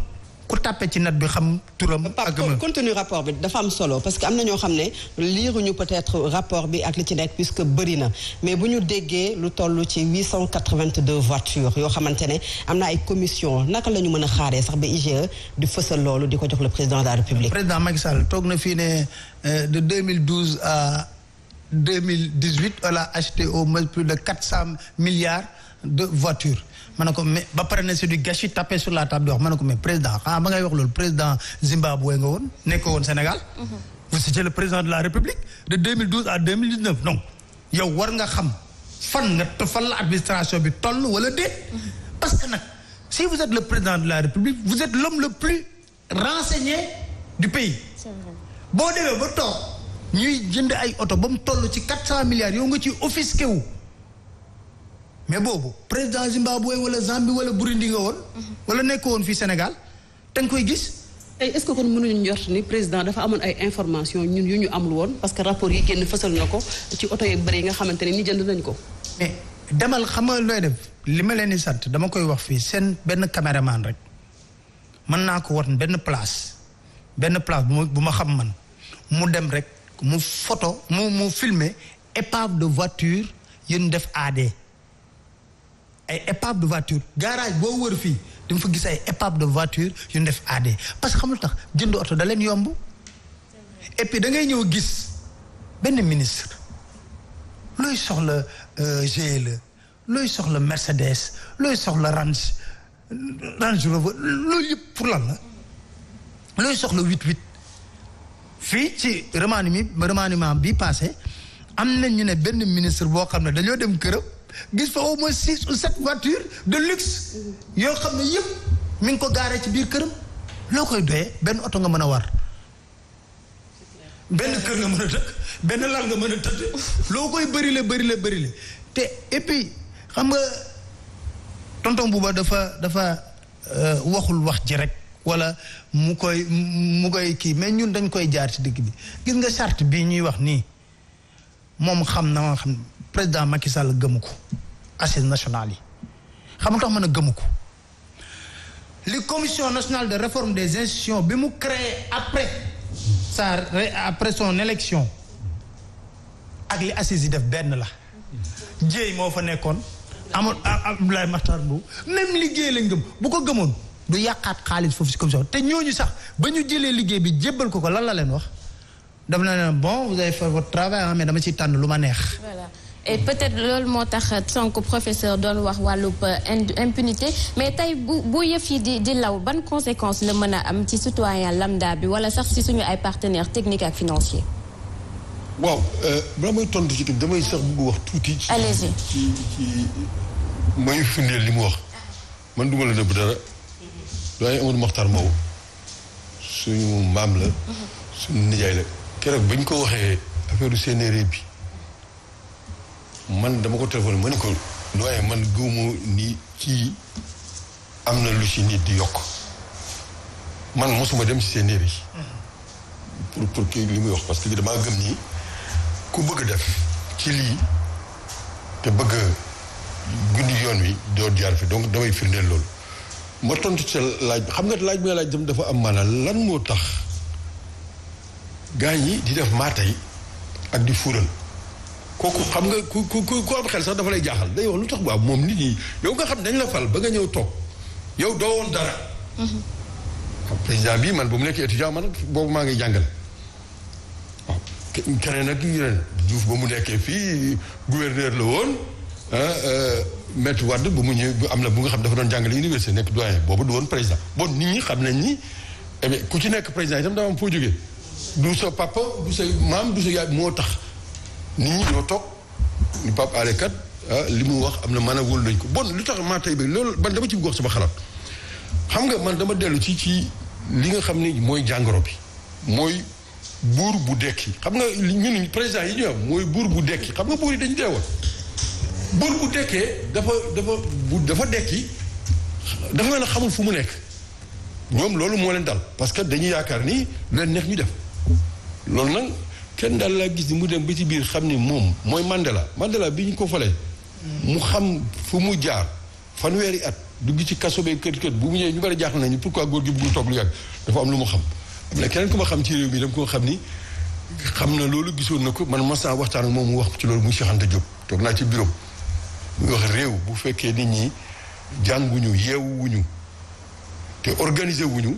Speaker 5: ku tàppe ci net bi xam turam.
Speaker 4: ak contenu rapport bi dafa am solo parce que am na ñoo xam ne liiruñu peut-être rapport bi ak li ci nekk puisque bëri na mais bu ñu déggee lu toll ci 882 voitures yoo xamante ne am na ay commission naka la ñu mën a xaaree sax ba IGE di fësal loolu di ko jox le président de la
Speaker 5: république. président Macky Sall toog na fii ne euh, de 2012 à 2018 on a acheté au moins plus de 400 milliards de voitures. ma ne ko mais ba pare na c'est du gâchis tapé sur la table di wax ma ne ko mais président ah ba ngay wax loolu président Zimbabwe nga woon nekk woon Sénégal. vous étiez le président de la République de à 2019 yow war nga xam fan nga fan la administration bi toll wala déet. parce que nag si vous êtes le président de la République vous êtes l'homme le plus renseigné du pays. boo demee ba toog ñuy jënd ay oto ba mu toll ci cent milliards yow nga ciy offisqué wu. mais boobu président Zimbabwe wala Zambie wala Burundi nga woon. Mhm. wala nekk woon fii Sénégal te nga koy gis. tey est-ce que kon mënuñu
Speaker 3: njort ni président dafa amoon ay information ñun yu ñu amul woon parce que rapport yi génn fësal na ko ci oto yu bëri yi nga xamante ne ni jënd nañ ko.
Speaker 5: mais demal xam nga looy def li ma leen di sant dama koy wax fii seen benn caméraman rek mën naa ko wan benn place benn place bu ma bu ma xam man mu dem rek mu photo mu mu filme épave de voiture yu def aade ay épape de voiture garage boo wër fii dama fa gis ay épave de voiture yu ñu def AD parce que xam lu tax jënd oto da leen yomb et puis dangay ngay ñëw gis benn ministre looy soxla euh, GLE looy soxla Mercedes looy soxla Range Range loolu yëpp pour lan la looy soxla huit huit fii ci remaniement bi remaniement bi passé am na ñu ne benn ministre boo xam ne dañoo dem këram gis fa au moins six ou sept de luxe yoo xam ne yëpp mi ngi ko gaaree ci biir këram loo koy doyee benn oto nga mën a war benn kër nga mën a dëkk benn lal nga mën a tëdd loo koy bërile bërile bërile te et xam nga tonton Bouba dafa dafa euh, waxul wax ji rek wala mu koy mu koy kii mais ñun dañ koy jaar ci digg bi gis nga charte bii ñuy wax nii moom xam na ma xam président Macky Sall gëmu ko assises nationales yi xam nga tax mën a gëmu ko li commission nationale de réforme des institutions bi mu créer après sa après son élection ak li assises yi def benn la jéey moo fa nekkoon amul Abdoulaye Makhtar Mbow même liggéey lañ gëm bu ko gëmoon du yàqaat xaalis foofu si commission te ñooñu sax ba ñu jëlee liggéey bi jébbal ko ko lan la leen wax daf na leen bon vous avez fait travail mais dama ciy tànn lu ma neex
Speaker 1: et peut-être loolu moo tax Sonko professeur doon wax wàllu euh, impunité mais tey bu bu yëf yi di di law ban conséquence la mën a am ci citoyen lambda bi wala sax si suñu ay partenaires technique ak financiers.
Speaker 2: waaw euh, balaa may tontu ci damay sax bëgg wax tuuti. allez-y ci ci may firndeel li mu wax. man duma la nëbb dara. doyen Amadou Mokhtar Mbow. suñu maam la. Mhm. suñu nijaay la. keroog bañ ko waxee affaire du bi. man dama ko téléphoné ma ne ko waaye man gëwuma ni ci am na lu ci nit di yokk man mosuma dem ci seen néeg yi pour pour kii li muy wax parce que damaa gëm nii ku bëgg def ci lii te bëgg guddi yoon wi doo jaar fi donc damay firndeel loolu ma tontu ci laaj bi xam nga laaj bi nga laaj dafa am maanaam lan moo tax gaa yi di def maatay ak di fuural kooku xam nga ku ku ku am xel sax dafa lay jaaxal day lu tax waaw moom nit ñi yow nga xam ne dañ la fal ba nga ñëw toog yow doo woon dara.
Speaker 5: waaw mm-hmm.
Speaker 2: président bi man bu mu nekk étudiant man boobu maa ngi jàngal waaw keneen ak yeneen ba mu nekkee fii gouverneur la woon ah, euh, maître Wade bu mu ñëw am na bu nga xam dafa doon jàngale université nekk doyen boobu du woon président bon nit ñi xam nañ ni eh ku ci nekk président itam daa am foo jógee du sa papa du sa maam du sa yaay moo tax. nit ñi ñoo toog ni Pape Alé ah, li mu wax am na maanaam wóolu nañ ko bon lu tax maa tey ba loolu man dama ci wax sama xalaat xam nga man dama dellu ci ci li nga xam ni mooy jàngoro bi mooy buur bu dekki xam nga ñun président yi ñu am buur bu dekki xam nga buur yi dañu deewoon buur bu dekkee dafa dafa bu dafa dekki dafa mel ne xamul fu mu nekk ñoom loolu moo leen dal parce que dañuy yaakaar ni leen neex ñu def loolu nag kenn daal laa gis ni mu dem ba ci biir xam ni moom mooy Mandela Mandela bi ñu ko falee mu xam fu mu jaar fanweeri at dugg ci kaso bee kër kër bu mu ñëwee ñu bari jaaxle nañu pourquoi góor gi bëggul toog lu yàgg dafa am lu mu xam am na keneen ku ma xam ci réew mi dama ko xam ni xam na loolu gisoon na ko man masa waxtaan ak moom mu wax ci loolu muy seexante Anta Diop toog naa ci bureau muy wax réew bu fekkee nit ñi jànguñu yeewuñu te organise wuñu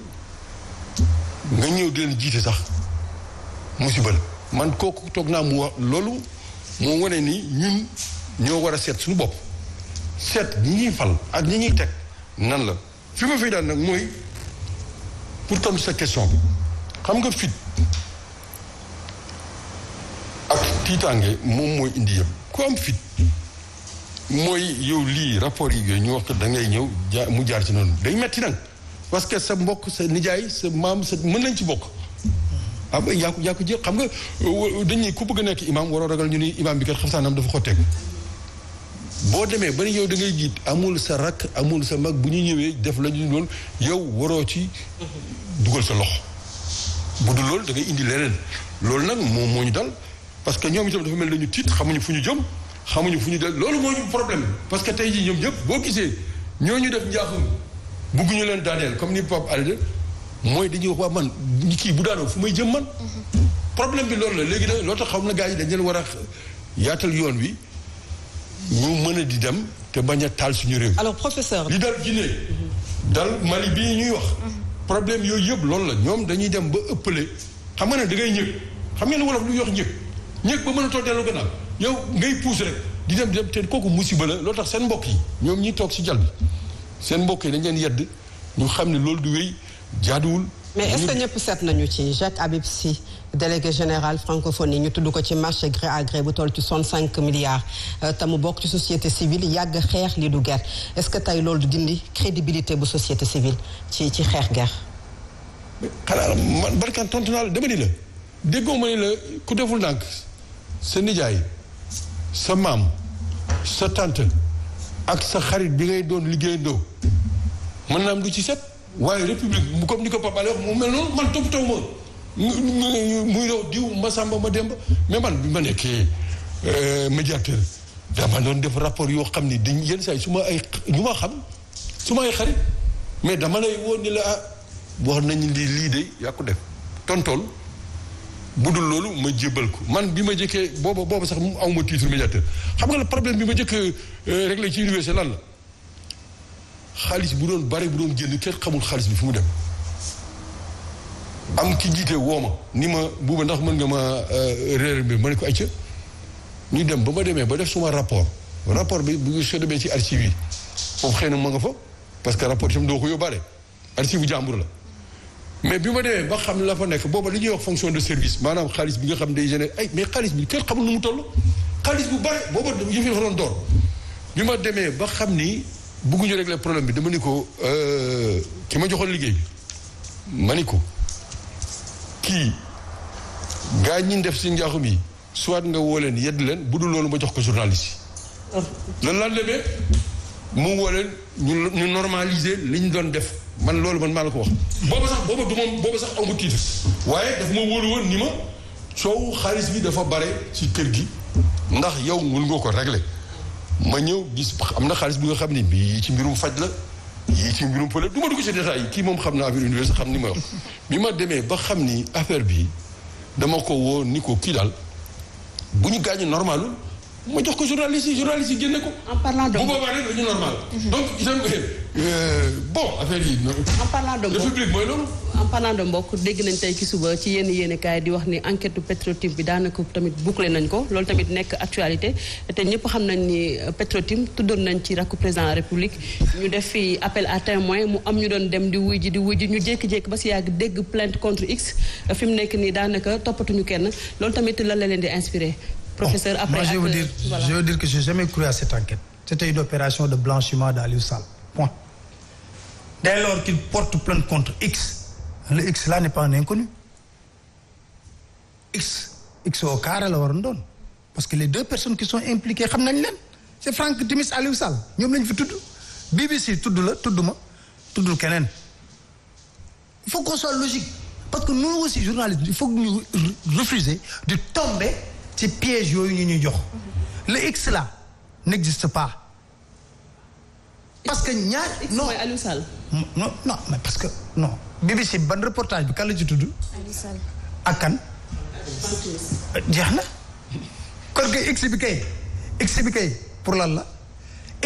Speaker 2: nga ñëw di leen jiite sax musiba man kooku toog naa mu wax loolu moo wane ni ñun ñoo war a seet suñu bopp seet ñi ñuy fal ak ñi ñuy teg nan la fi ma fiy daan nag mooy pour tontu sa question bi xam nga fit ak tiitaange moom mooy indi yëpp ku am fit mooy yow lii rapport yi yooyu ñu wax ko da ngay ñëw mu jaar ci noonu day metti nag parce que sa mbokk sa nijaay sa maam sa mën nañ ci bokk ah ba yaa ko xam nga euh, dañuy ku bëgg nekk imaam waroo ragal ñu ni imaam bi kat xaftaanam dafa xotteeku boo demee ba ne yow da ngay amul sa rakk amul sa mag bu ñu ñëwee def lañu ñu loolu yow waroo ci dugal sa loxo bu dul loolu da indi leneen loolu nag moom moo ñu dal parce que ñoom itam dafa mel nañu tiit xamuñu fu ñu jëm xamuñu fu ñu dal loolu moo ñu problème parce que tey jii ñoom yëpp boo gisee ñoo ñu def njaaxum bugguñu leen daaneel comme ni Pape Alé mooy dañuy wax man man kii bu daanoo fu may jëm man. problème bi loolu la léegi nag loo tax xaw na gaa yi dañ leen war a yaatal yoon wi ñu mën a di dem te bañ a taal suñu alors professeur
Speaker 4: li dal Guinée.
Speaker 2: dal Mali bii ñuy wax. problème yooyu yëpp loolu la ñoom dañuy dem ba ëppale xam nga ne da ngay ñëg xam ngeen wolof lu yox ñëg ñëg ba mën a toog dellu gannaaw yow ngay puus rek di dem di dem te kooku musiba la loo tax seen mbokk yi ñoom ñi toog si jal bi seen mbokk yi dañ leen yedd ñu xam ne loolu du wéy. jaaduwul. mais est-ce que ñëpp seet nañu ci
Speaker 4: Jacques Habib si délégué général francophonie ñu tudd ko ci marché gré à gré bu toll ci soixante cinq milliards euh, te mu bokk ci société civile yàgg xeex li du guerre est-ce que tey loolu du dindi crédibilité bu société civile ci ci xeex guerre.
Speaker 2: xanaa man barkan tontu naa la dama la déggoo ma ni la ku deful ndànk sa nijaay sa maam sa tante ak sa xarit bi ngay doon liggéeyandoo mën naa am du ci set. waaye république comme ni ko Pape Alé wax mu mel noonu man toppatoo ma muy doon diw Masamba ma demba mais man bi ma nekkee euh, médiateur dama doon def rapport yoo xam ni dañ yenn saa yi su ma ay ñu ma xam su ma ay xarit mais dama lay woon ni la ah wax nañu lii lii de yaa ko def bu budul loolu ma jébbal ko man bi ma jëkkee booba booba sax mu aw ma titre médiateur xam nga la problème bi ma jëkk euh, réglé ci université lan la xaalis bu doon bari bu doon génn kenn xamul xaalis bi fu mu dem am ki jiite woo ma ni ma buuba ndax mën nga ma euh, réer bi ma ne ko acca ñu dem ba ma demee ba def suma rapport rapport bi bu soo demee ci archive yi moom xëy na ma nga fa parce que rapport itam doo ko yóbbaale archive bu jàmbur la mais bi ma demee ba xam la fa nekk booba li ñuy wax fonction de service maanaam xaalis bi nga xam day généré ay mais xaalis bi kenn xamul nu mu toll xaalis bu bare booba yëf yi fa doon door bi ma demee ba xam ni bëgguñu régler problème bi dama ni ko euh, ki ma joxoon liggéey ma ni ko kii gaa ñi def si njaaxum yi soit nga woo leen yedd leen bu dul loolu ma jox ko journaliste yi. lan lan demee mu woo leen ñu ñu normaliser li ñu doon def man loolu man maa la ko wax. booba sax booba du ma booba sax amu titre waaye daf ma ni ma coow xaalis bi dafa bare ci kër gi ndax yow mun nga ko régler. ma ñëw gis am na xaalis bi nga xam ne bii ci mbirum faj la yii ci mbirum pële du ma dugg ci détails kii moom xam naa affaire université xam ni ma wax bi ma demee ba xam ni affaire bi dama ko woo ni ko kii daal bu ñu gaañu normalul ma jox ko journaliste yi journaliste yi génne ko. en parlant de bu boobaa rek dañu normal. Mhm. donc gis nga euh, bon affaire yi. en parlant de le public mooy loolu.
Speaker 3: en parlant de mbokk dégg nañ tey ci suba ci yenn yéenekaay di wax ni enquête Petro-Tim bi daanaka tamit bouclé nañ ko loolu tamit nekk actualité te ñëpp xam nañ ni Petro-Tim tuddoon nañ ci rakku président République ñu def fi appel à mu am ñu doon dem di wuy ji di wuy ji ñu jékki-jékki ba si yàgg dégg plainte contre X fi nekk nii daanaka toppatuñu kenn loolu tamit lan la leen di inspiré
Speaker 5: professeur après je veux dire euh, je veux dire que j'ai jamais de blanchiment d'Aliou Sall le x là n'est pas un inconnu x x au carré la waroon doon parce que les deux personnes qui sont impliquées xam nañ leen c'est Franck Timis Aliou Sall ñoom lañu fi tudd BBC tudd la tudd ma tuddul keneen il faut qu'on logique parce que nous aussi journalistes il faut que ñu refuser de tomber ci piège yooyu ñu ñuy jox le x là n'existe pas parce que ñaar non non non mais parce que non BBC ban reportage bi kan la ci tudd. ak jeex na. kon que x bi pour lan la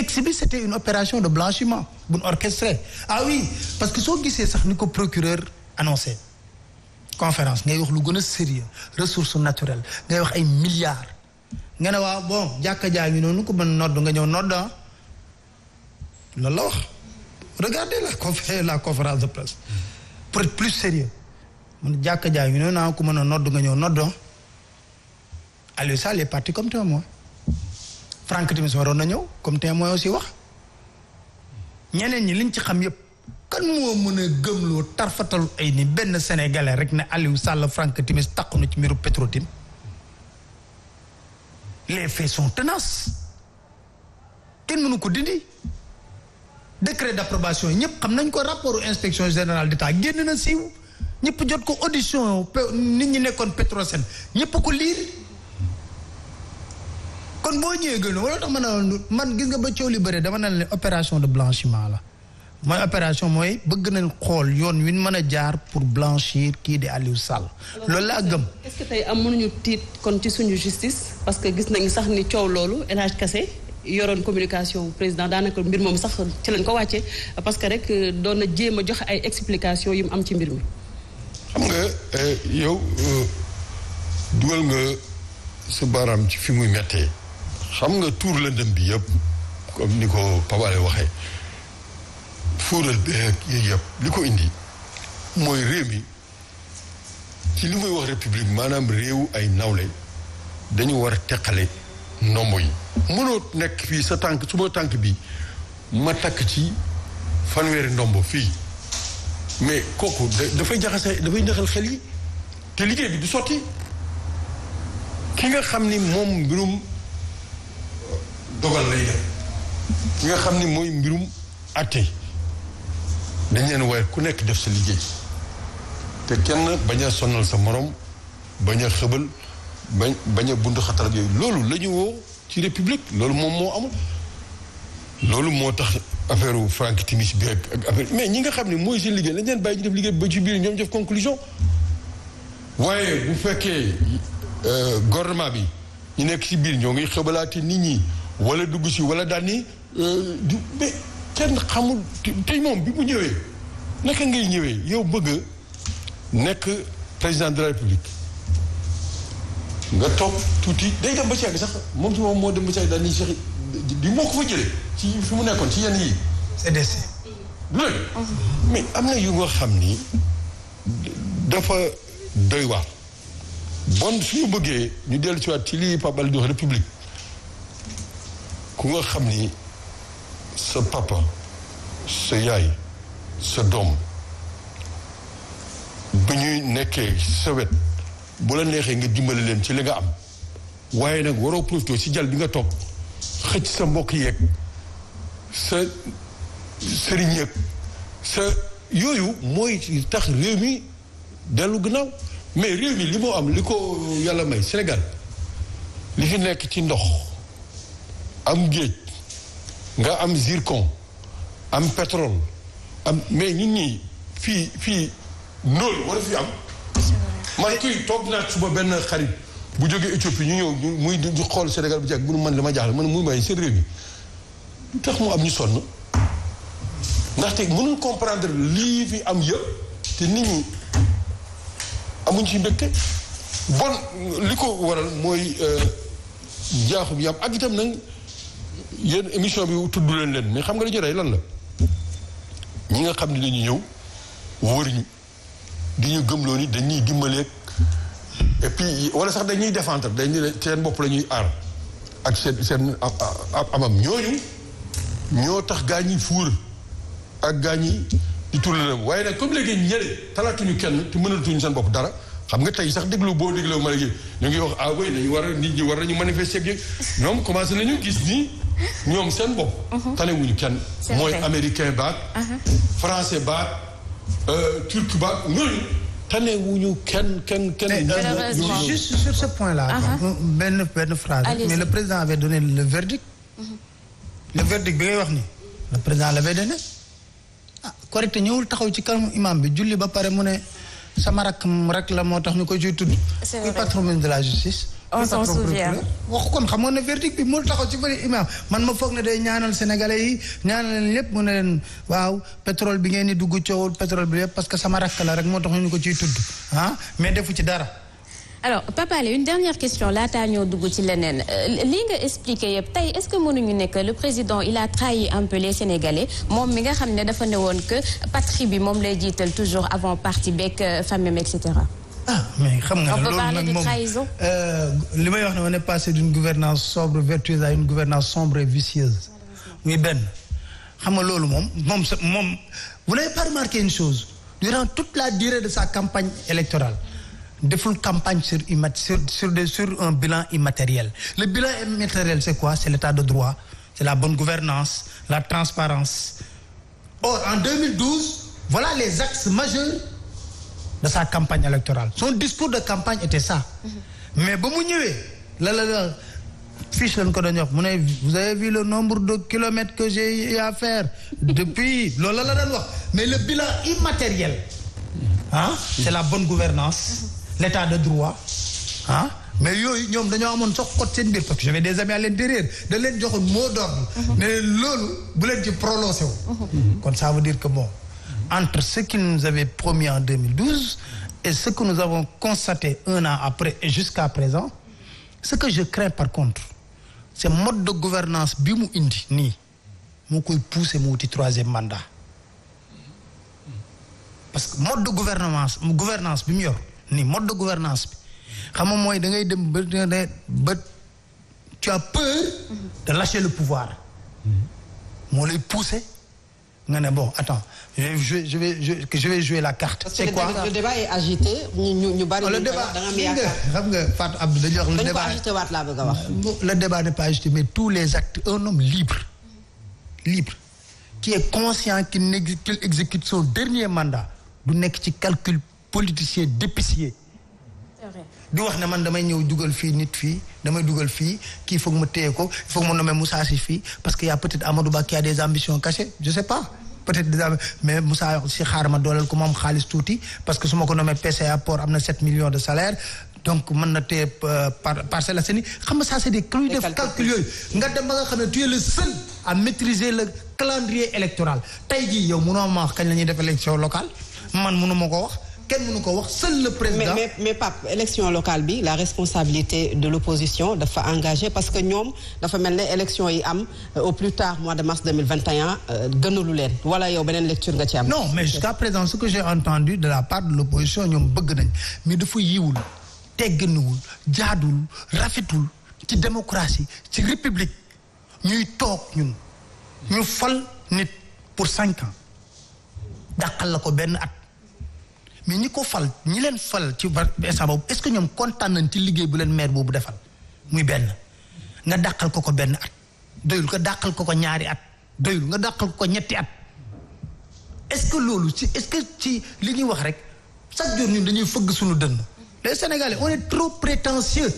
Speaker 5: x bi c'était une opération de blanchiment bu ñu orchestré ah oui parce que soo gisee sax ni ko procureur annoncé conférence ngay wax lu gën a sérieux ressource naturelle ngay wax ay milliards nga ne waaw bon jàkka jaay yi noonu ko mën nodd nga ñëw nodd ah la wax regardez la conférence de presse pour être plus sérieux mun jàkk jaay yu ne ah, naa ku mën a nodd nga ñëw noddoo ah. Aliou Sall est comme témoin Franck Timis waroon na ñëw comme témoin aussi wax ñeneen ñi liñ ci xam yëpp kan moo mën a gëmloo tarfatalu ay ni benn sénégalais rek ne Aliou Sall franque Timis takku na ci mbiru Petro-Tim les faits sont kenn mënu ko dindi. décret d'approbation ñëpp xam nañ ko rapport inspection générale d'État génn na siiw ñëpp jot ko audition nit ñi nekkoon Petrosen ñëpp ko liir kon boo ñëwee gën wala tax man a man gis nga ba coow li bëre dama ne leen opération de blanchiment la mooy opération mooy bëgg nañ xool yoon wi mën a jaar pour blanchir kii di Aliou Sall.
Speaker 3: loolu laa gëm. est-ce que tey am mënuñu tiit kon ci suñu justice parce que gis nañu sax ni coow loolu El Hadj yoroon communication président daanaka mbir moom sax ci lañ ko wàccee parce que rek euh, doon na jéem a joxe ay explication yu mu am ci mbir mi.
Speaker 2: xam nga euh, yow euh, dugal nga sa baaraam ci fi muy xam nga tuur lëndëm bi yëpp ni ko Pabale waxee fuural beeg yooyu yëpp li ko indi mooy réew mi ci li muy wax république maanaam réew ay nawle dañu war a teqale. ndombo yi mënoo nekk fii sa tànk su ma tànk bi ma takk ci fanweeri ndombo fii mais kooku dafay jaxase dafay njaxal xel yi te liggéey bi du sotti ki nga xam ni moom mbirum dogal lay def ki nga xam ni mooy ngirum atte dañ leen waaye ku nekk def sa liggéey te kenn bañ a sonal sa morom bañ xëbal bañ bañ a buntu xatal ak yooyu loolu la ñu woo ci république loolu moom moo amul. loolu moo tax affaire wu Franck Timis bi rek ak affaire mais ñi nga xam ne mooy seen liggéey lañ leen bàyyi ñu def liggéey ba ci biir ñoom def conclusion. waaye bu fekkee euh, gouvernement bi ñu nekk ci biir ñoo ngi xëbalaati nit ñi wala dugg si wala daan ni euh, du mais kenn xamul te moom bi mu ñëwee naka ngay ñëwee yow bëgg nekk président de la république. nga toog tuuti day dem ba ci yàgg sax moom ci moom moo dem ba ci yàgg daal ni Cheikh di moo ko fa jëlee ci fi mu nekkoon ci yenn yi CDC loolu mais am na yu nga xam ni dafa doy waar bon bëggee ñu dellu ci ci lii pabal di wax république ku nga xam ni sa papa sa yaay sa doom bi ñuy nekkee sa wet bu la neexee nga dimbale leen ci li nga am waaye nag waroo profité si jal bi nga toog xëcc sa mbokk yeeg sa sëriñ yeeg sa yooyu mooy tax réew mi dellu gannaaw mais réew mi li moo am li ko yàlla may Sénégal li fi nekk ci ndox am géej nga am zircon am pétrole am mais nit ñi fii fii noonu war a fi am man kii toog naa suba benn xarit bu jógee Éthiopie ñu ñëw muy di xool Sénégal bu jàkk bu nu man li ma jaaxle man muy may seen réew mi mu am ñu sonn ndaxte mënul comprendre lii fi am yëpp te nit ñi amuñ ci mbégte bon li ko waral mooy euh, jaaxum yàpp ak itam nag yéen émission bi tudd leen leen mais xam nga li ñu rey lan la ñi nga xam ne dañu ñëw wóoruñu di ñu loo ni dañuy dimbaleeg et puis wala sax dañuy défendre dañuy seen bopp la ñuy aar ak seen seen amam ñooñu ñoo tax gaa ñi fuur ak gaa ñi di tur la waaye nag comme léegi ñële talaatuñu kenn te mënatuñu seen bopp dara xam nga tey sax déglu boo dégloo ma ñu ngi wax ah oui nañu war a nit ñi war nañu manifester gi yëg ñoom commencé nañu gis nii ñoom seen bopp. Mhm. tanewuñu kenn. mooy américain baat. Mhm. français baat. Euh, turc ba ñooñu wuñu kenn kenn kenn. Euh, juste
Speaker 5: sur ce point là. Ah ah. benn benn phrase. mais le président avait donné le verdict. Mhm. le verdict bi ngay wax ni. le président l'avait donné. ah correct ñëwul taxaw ci kanamu imam bi julli ba pare mu ne sama rakk rek la moo tax ñu koy ciy tudd. c'est vrai patron de la justice. on s'en souvient wax kon xamoon na ne bi mu taxaw ci bëri imam man ma foog ne day ñaanal sénégalais yi ñaanal leen lépp mu ne leen waaw pétrole bi ngeen di dugg coowul pétrole bi lépp parce que sama rakk la rek moo tax ñu ko ciy tudd ah mais defu ci dara.
Speaker 1: alors Papa Alé une dernière question laataa ñoo dugg ci leneen euh, li nga expliqué yëpp tey est-ce que mënuñu nekk le président il a trahi un peu les sénégalais moom mi nga xam ne dafa ne woon que patrie bi moom lay jiital toujours avant parti beeg euh, famille et cetera.
Speaker 5: ah mais xam nga loolu nag moom euh, li may wax ne on est passé d'une gouvernance sobre vertueuse à une gouvernance sombre et vicieuse muy benn xam nga loolu moom moom moom vous n'avez pas remarqué une chose durant toute la durée de sa campagne électorale deful campagne sur immat sur sur sur un bilan immatériel le bilan immatériel c'est quoi c'est l'état de droit c'est la bonne gouvernance la transparence or en voilà les axes majeurs de sa campagne électorale son discours de campagne était sa mhm. mais ba mu ñëwee la la la fiche lañ ko doon jox mu ne vous avez vu le nombre de kilomètres que j'ai à faire depuis loolu la la doon wax mais le bilan immatériel ah c'est la bonne gouvernance mhm. l'état de droit ah mais yooyu ñoom dañoo amoon sax code seen biir parce que j'avais des amis à l'intérieur da leen joxoon mot d'ordre mhm. mais loolu bu leen ci prononcé wu kon ça veut dire que bon entre ce qu'ils nous avaient promis en et ce que nous avons constaté un an après et jusqu'à présent ce que je crains par contre c'est mode de gouvernance bi mu indi nii moo koy poussé mu wuti troisième mandat parce que mode de gouvernance gouvernance bi mu yor nii mode de gouvernance bi xam nga mooy da ngay dem ba ba tu as peur de lâcher le pouvoir moo lay poussé nga ne bon attends je vais jouer je vais je, je vais jouer la carte. c'est quoi parce que le débat
Speaker 4: est agité. ñu ñu ñu bari oh, le débat
Speaker 5: xam nga Fatou Abdou dañuy wax. le débat dañu ko agité waat laa bëgg a wax. le débat n'est pas agité mais tous les actes un homme libre libre qui est conscient qu'il exécute son dernier mandat du nekk ci calcul politicien d'épicier di wax ne man damay ñëw dugal fii nit fii damay dugal fii kii foog ma téye ko foog ma nommer Moussa Sy fii parce que y a peut-être Amadou Ba qui a des ambitions cachées je sais pas peut-être déjà mais Moussa si ma dooleel ko moom xaalis tuuti parce que su ma ko nommé a Port am na 7 millions de salaire donc mën na téye euh, par Parcelles Assainies xam nga ça c'est des calculs def calcul yooyu nga dem ba nga xam ne tu es le seul à le calendrier électoral tey jii yow ma wax la ñuy def élection locale man mënu ko wax kenn mënu ko wax seul le président. mais
Speaker 4: mais, mais élection locale bi la responsabilité de l'opposition dafa engagé parce que ñoom dafa mel ni élection yi am euh, au plus tard mois de mars 2021 euh, gënalu leen wala yow beneen lecture nga
Speaker 5: ci am. non mais jusqu'à présent ce que j'ai entendu de la part de l'opposition ñoom bëgg nañ mais dafa yiwul tegginuwul jaaduwul rafetul ci démocratie ci république ñuy toog ñun ñu fal nit pour cinq ans dàqal la ko benn at. mais ñi ko fal ñi leen fal ci instant boobu est-ce que ñoom kontaan nañ ci liggéey bu leen maire boobu defal muy benn nga dàqal ko ko benn at doyul nga dàqal ko ko ñaari at doyul nga dàqal ko ko ñetti at est-ce que loolu ci est-ce que ci li ñuy wax rek chaque jour ñun dañuy fëgg suñu dënn les Sénégalais on est trop prétentieux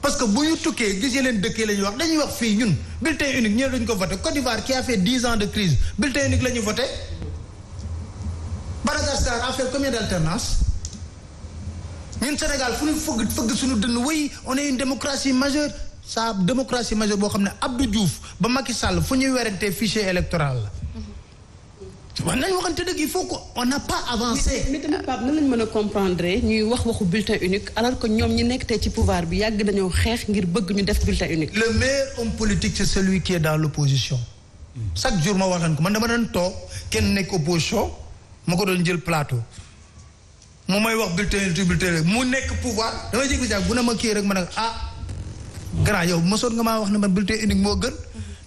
Speaker 5: parce que bu ñu tukkee gisee leen dëkkee la wax dañuy wax fii ñun bulletin unique ñëw dañu ko voté Côte d'Ivoire qui a fait dix ans de crise bulletin unique la ñu Madagascar a fait combien d'alternances ñun Sénégal fu ñu fëgg fëgg suñu dënn oui on est une démocratie majeure sa démocratie majeure boo xam ne Abdou Diouf ba Macky sàll fu ñuy werante fichier électoral la. waaw nañu waxante dëgg il faut ko on n'a pas avancé. mais tamit Pape nan lañ mën a comprendre ñuy
Speaker 3: wax waxu bulletin unique alors que ñoom ñi nekk tey ci pouvoir bi yàgg nañoo xeex ngir bëgg ñu def bulletin unique.
Speaker 5: le meilleur homme politique c'est celui qui est dans l'opposition chaque jour ma wax leen man dama doon toog kenn nekk opposition. ma ko doon jël plateau moom mooy wax bulletin tu bulletin mu nekk pouvoir damay jékki sax bu ne ma kii rek ma ne ah grand yow mosoon nga maa wax ne ma bulletin unique moo gën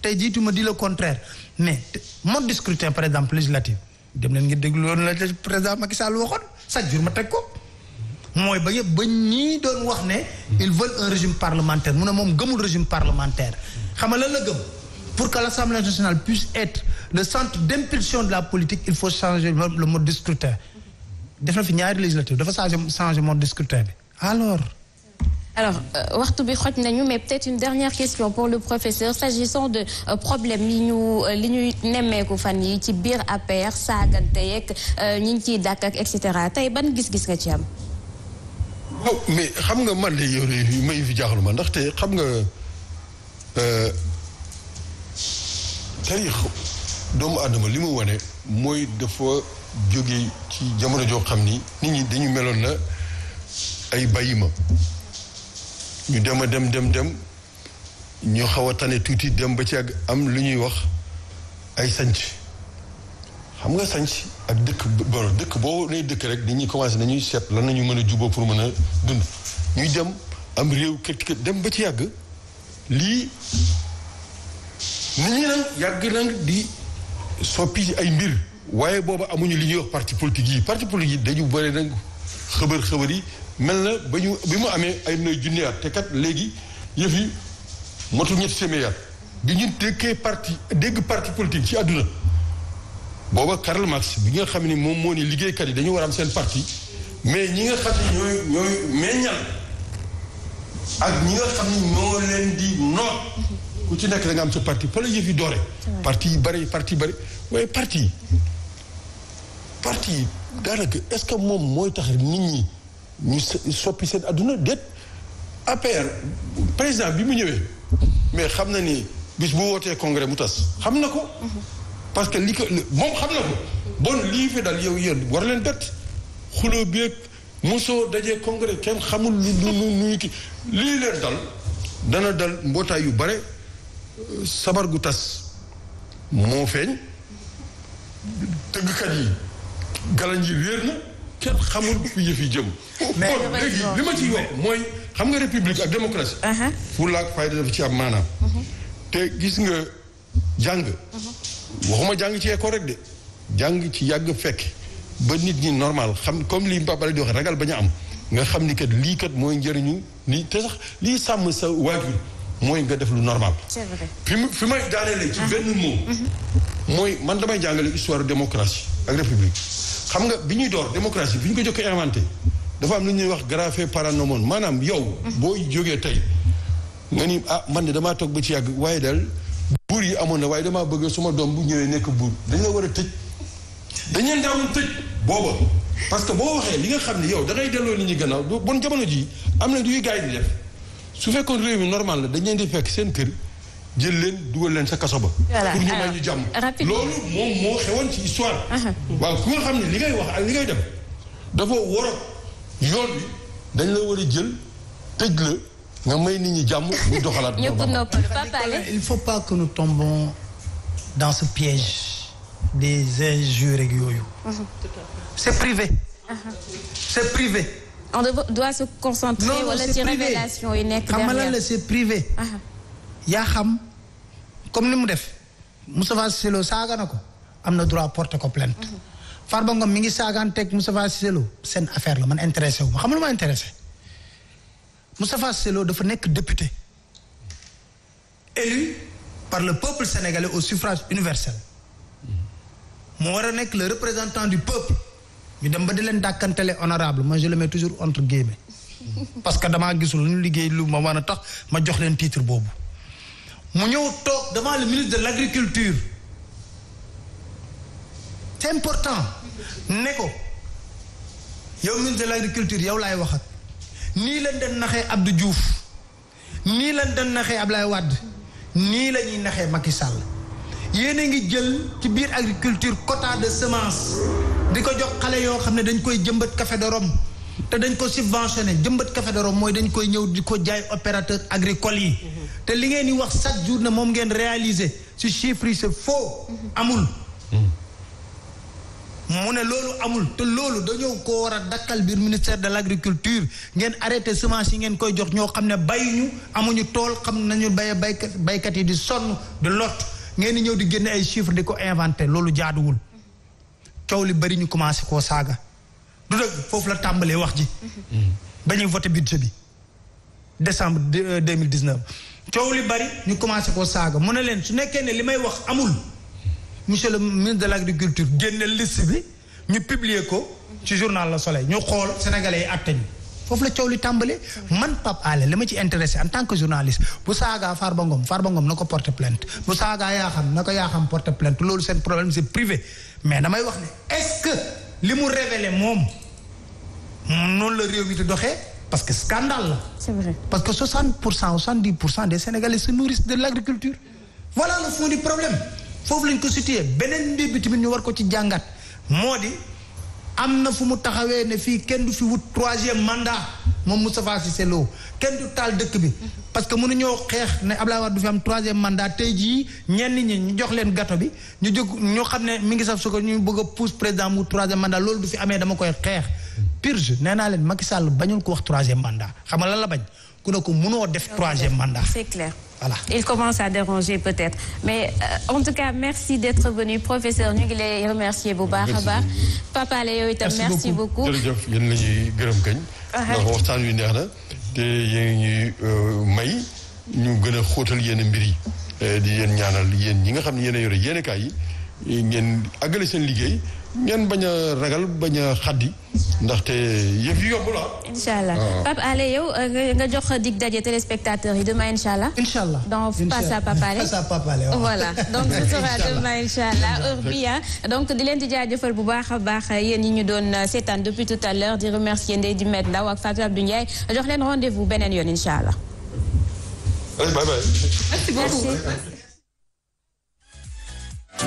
Speaker 5: tey jiitu ma di le contraire mais mode de scrutin par exemple législative dem leen ngeen déglu loolu la président Macky Sall waxoon chaque jour ma teg ko mooy ba yëpp ba ñii doon wax ne ils veulent un régime parlementaire mun ne moom gëmul régime parlementaire xam nga la gëm pour que l'Assemblée nationale puisse être le centre d'impulsion de la politique il faut changer le mode de scrutin def na fi ñaari législative dafa changer changer mode de scrutin bi alors.
Speaker 1: alors euh, waxtu bi xoj nañu mais peut-être une dernière question pour le professeur s'agissant de euh, problème yi ñu euh, li ñuy nemmeeku fan yi ci biir APR saagante yeeg ñi ngi ciy dàkk ak et cetera tey ban gis-gis nga ci am.
Speaker 2: Oh, xam nga man de yooyu may fi jaaxlu ma ndaxte xam nga. doomu aadama li mu wane mooy dafa jóge ci jamono joo xam ni nit ñi dañu meloon na ay bàyyima ñu dem a dem dem dem ñu xaw a tane tuuti dem ba ci ak am lu ñuy wax ay sanc xam nga sanc ak dëkk bor dëkk boo nee dëkk rek nit ñi commencé nañuy seet lan nañu mën a juboo pour mën a dund ñuy dem am réew kër dem ba ci yàgg lii nit ñi nag yàgg nag di soppi ay mbir waaye boobu amuñu li ñuy wax parti politique yi parti politique yi dañu bëri nag xëbër xëbër yi mel na ba ñu bi mu amee ay nooy junni at te kat léegi yëf yi motul ñetti téeméeri at bi ñu dëkkee parti dégg parti politique ci àdduna booba Karl Marx bi nga xam ne moom moo ni liggéeykat yi dañu war seen parti mais ñi nga xam ne ñooy ñooy meññal ak ñi nga xam ne ñoo leen di noot ku ci nekk da nga am sa parti fa la yëf yi doore parti yi bëri parti bari waaye parti yi parti yi daanaka est-ce que moom mooy tax nit ñi ñu soppi seen adduna déet APR président bi mu ñëwee mais xam na ni bis bu wootee congrès mu tas xam na ko parce que li ko moom xam na ko bon lii fi dal yow yéen war leen bett xuloo beeg mosoo dajee congrès kenn xamul lu lu lu nuy ki lii leen dal dana dal mbootaay yu bare sabar gu tas moo feeñ tëggkat yi galañ yi réer na kenn xamul fi yëf yi jëm. li ma ciy wax mooy xam nga république ak démocratie. Uh-huh. fulla ak fayda dafa ci am maanaam. Uh-huh. te gis nga jàng. Uh-huh. waxuma jàng ci école rek de jàng ci yàgg fekk ba nit ñi normal xam comme li Mbabal di wax ragal bañ a am nga xam ni kat lii kat mooy njëriñu lii te sax lii sàmm sa waajur mooy nga def lu normal. c'est vrai fi mu fi may daanelee. ci ah. benn mot. Mhm. mooy man damay jàngale histoire démocratie ak république. xam nga bi ñuy door démocratie bi ñu ko jokkoo inventé dafa am lu ñuy wax grave paranomon maanaam yow. Mhm. boo jógee tey nga ni ah man de damaa toog ba ci yàgg waaye daal buur yi amoon na waaye damaa bëggee suma doom bu ñëwee nekk buur dañ la war a tëj. dañ leen daawoon tëj booba parce que boo waxee li nga xam ne yow da ngay delloo nit ñi gannaaw bon jamono jii am na luy gars yi di su fekkoon réew mi normal la dañ leen di fekk seen kër jël leen dugal leen sa kaso ba. pour ñu may euh, ñu jàmm. loolu moom moo xewoon ci histoire. Uh-huh. waaw ku nga xam ne li ngay wax ak li ngay def dafa war a yoon bi dañ la war a jël tëj la nga may nit ñi jàmm ñu doxalaat.
Speaker 5: il faut pas que nous tombons dans ce piège des injures yooyu. Uh-huh. c'est privé. Uh-huh. c'est privé. on
Speaker 1: doit se concentrer wala yi nekk derrière xam nga lan la c'est
Speaker 5: privé. Ah. yaa xam comme ni mu def Moustapha Cissé Lo saaga na ko am na droit porter ko far mhm. Farba Ngom mi ngi saaganteeg Moustapha Cissé Lo seen affaire la man intéressé wu xam lu ma intéressé Moustapha Cissé dafa nekk député élu par le peuple sénégalais au suffrage universel. moo war a nekk le représentant du peuple. ñu dem ba di leen dàkkantele honorable moi je le mets toujours entre guillemets parce que dama gisul lu ñu liggéey lu ma mën a tax ma jox leen titre boobu mu ñëw toog devant le ministre de l'agriculture c'est important ne ko yow ministre de l'agriculture yow laay waxat nii lañ den naxee Abdou Diouf nii lañ den ab lay wàdd nii la ñuy naxee Macky Sall yéen a ngi jël ci biir agriculture quota de semence di ko jox xale yoo xam ne dañ koy jëmbat café de Rome te dañ ko subventionné jëmbat café de Rome mooy dañ koy ñëw di ko jaay opérateur agricole yi te li ngeen di wax chaque jour na moom ngeen réaliser ci chiffre yi c'est faux amul mu ne loolu amul te loolu dañoo ko war a dakkal biir ministère de l' agriculture ngeen arrêté semence yi ngeen koy jox ñoo xam ne bayuñu amuñu tool xam nañu bay baykat yi di sonn ngeen di ñëw di génne ay chiffres di ko inventé loolu jaaduwul coow li bari ñu commencé koo saaga du dëgg foofu la tàmbalee wax ji ba ñuy voté budget bi décembre deux euh, mille dix neuf coow li bari ñu commencé koo saaga mu ne leen su nekkee ne li may wax amul monsieur le ministre de l' agriculture génne liste bi ñu publier ko ci journal la Soleil ñu xool sénégalais yi atte ñu foofu la coow li tàmbalee man Pape li ma ci intéressé en tant que journaliste bu saagaa Farba Ngom Farba Ngom na ko porter plainte bu saagaa yaa xam na ko yaa xam porter plainte loolu seen problème c'est privé mais damay wax ne est-ce que li mu révélé moom noonu la réew mi di doxee parce que scandale la. c'est vrai parce que 60 pour cent 70 pour cent des Sénégalais se nourrissent de l'agriculture. voilà le fond du problème foofu lañ ko situé beneen mbir bi tamit ñu war ko ci jàngat moo di. am na fu mu taxawee ne fii kenn du fi wut troisième mandat moom Moustapha Cissé Lo kenn du taal dëkk bi parce que mënuñoo xeex ne Abdoulaye Wade du fi am troisième mandat tey jii ñenn ñi ñu jox leen gato bi ñu jóg ñoo xam ne mi ngi saf su ko ñu bëgg pousse président mu troisième mandat loolu du fi amee dama koy xeex purge nee naa leen Macky Sall bañul ko wax troisième mandat xam nga lan la bañ ku ne ko mënoo def troisième mandat c'est voilà
Speaker 1: il commence à déranger peut-être mais euh, en tout cas merci d'être venu professeur ñu ngi lay remercier bu baax a baax. papa la yow itam merci beaucoup jërëjëf
Speaker 2: yéen la ñuy gërëm kañ. Ah, ndax wi neex na te yéen ñuy euh, may ñu gën a xóotal yenn mbir yi. Eh, di yéen ñaanal yéen ñi nga xam ne yéen a yore yéen kaay yi ngeen àggale seen liggéey. ngeen bañ a ragal bañ a xaddi ndaxte yëf yi yomb la. incha
Speaker 1: allah ah. Pape yow euh, nga jox dig daje téléspectateurs yi demain incha allah. incha allah donc face à
Speaker 5: Pape voilà
Speaker 1: donc ce sera demain incha heure bi donc di leen di jaajëfal bu baax a baax yéen yi ñu doon euh, seetaan depuis tout à l'heure di remercier Ndeye di Met Ndaw ak Fatou Abdou Ndiaye jox leen rendez-vous beneen yoon incha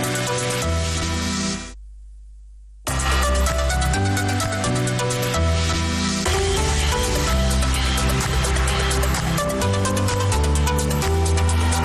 Speaker 2: merci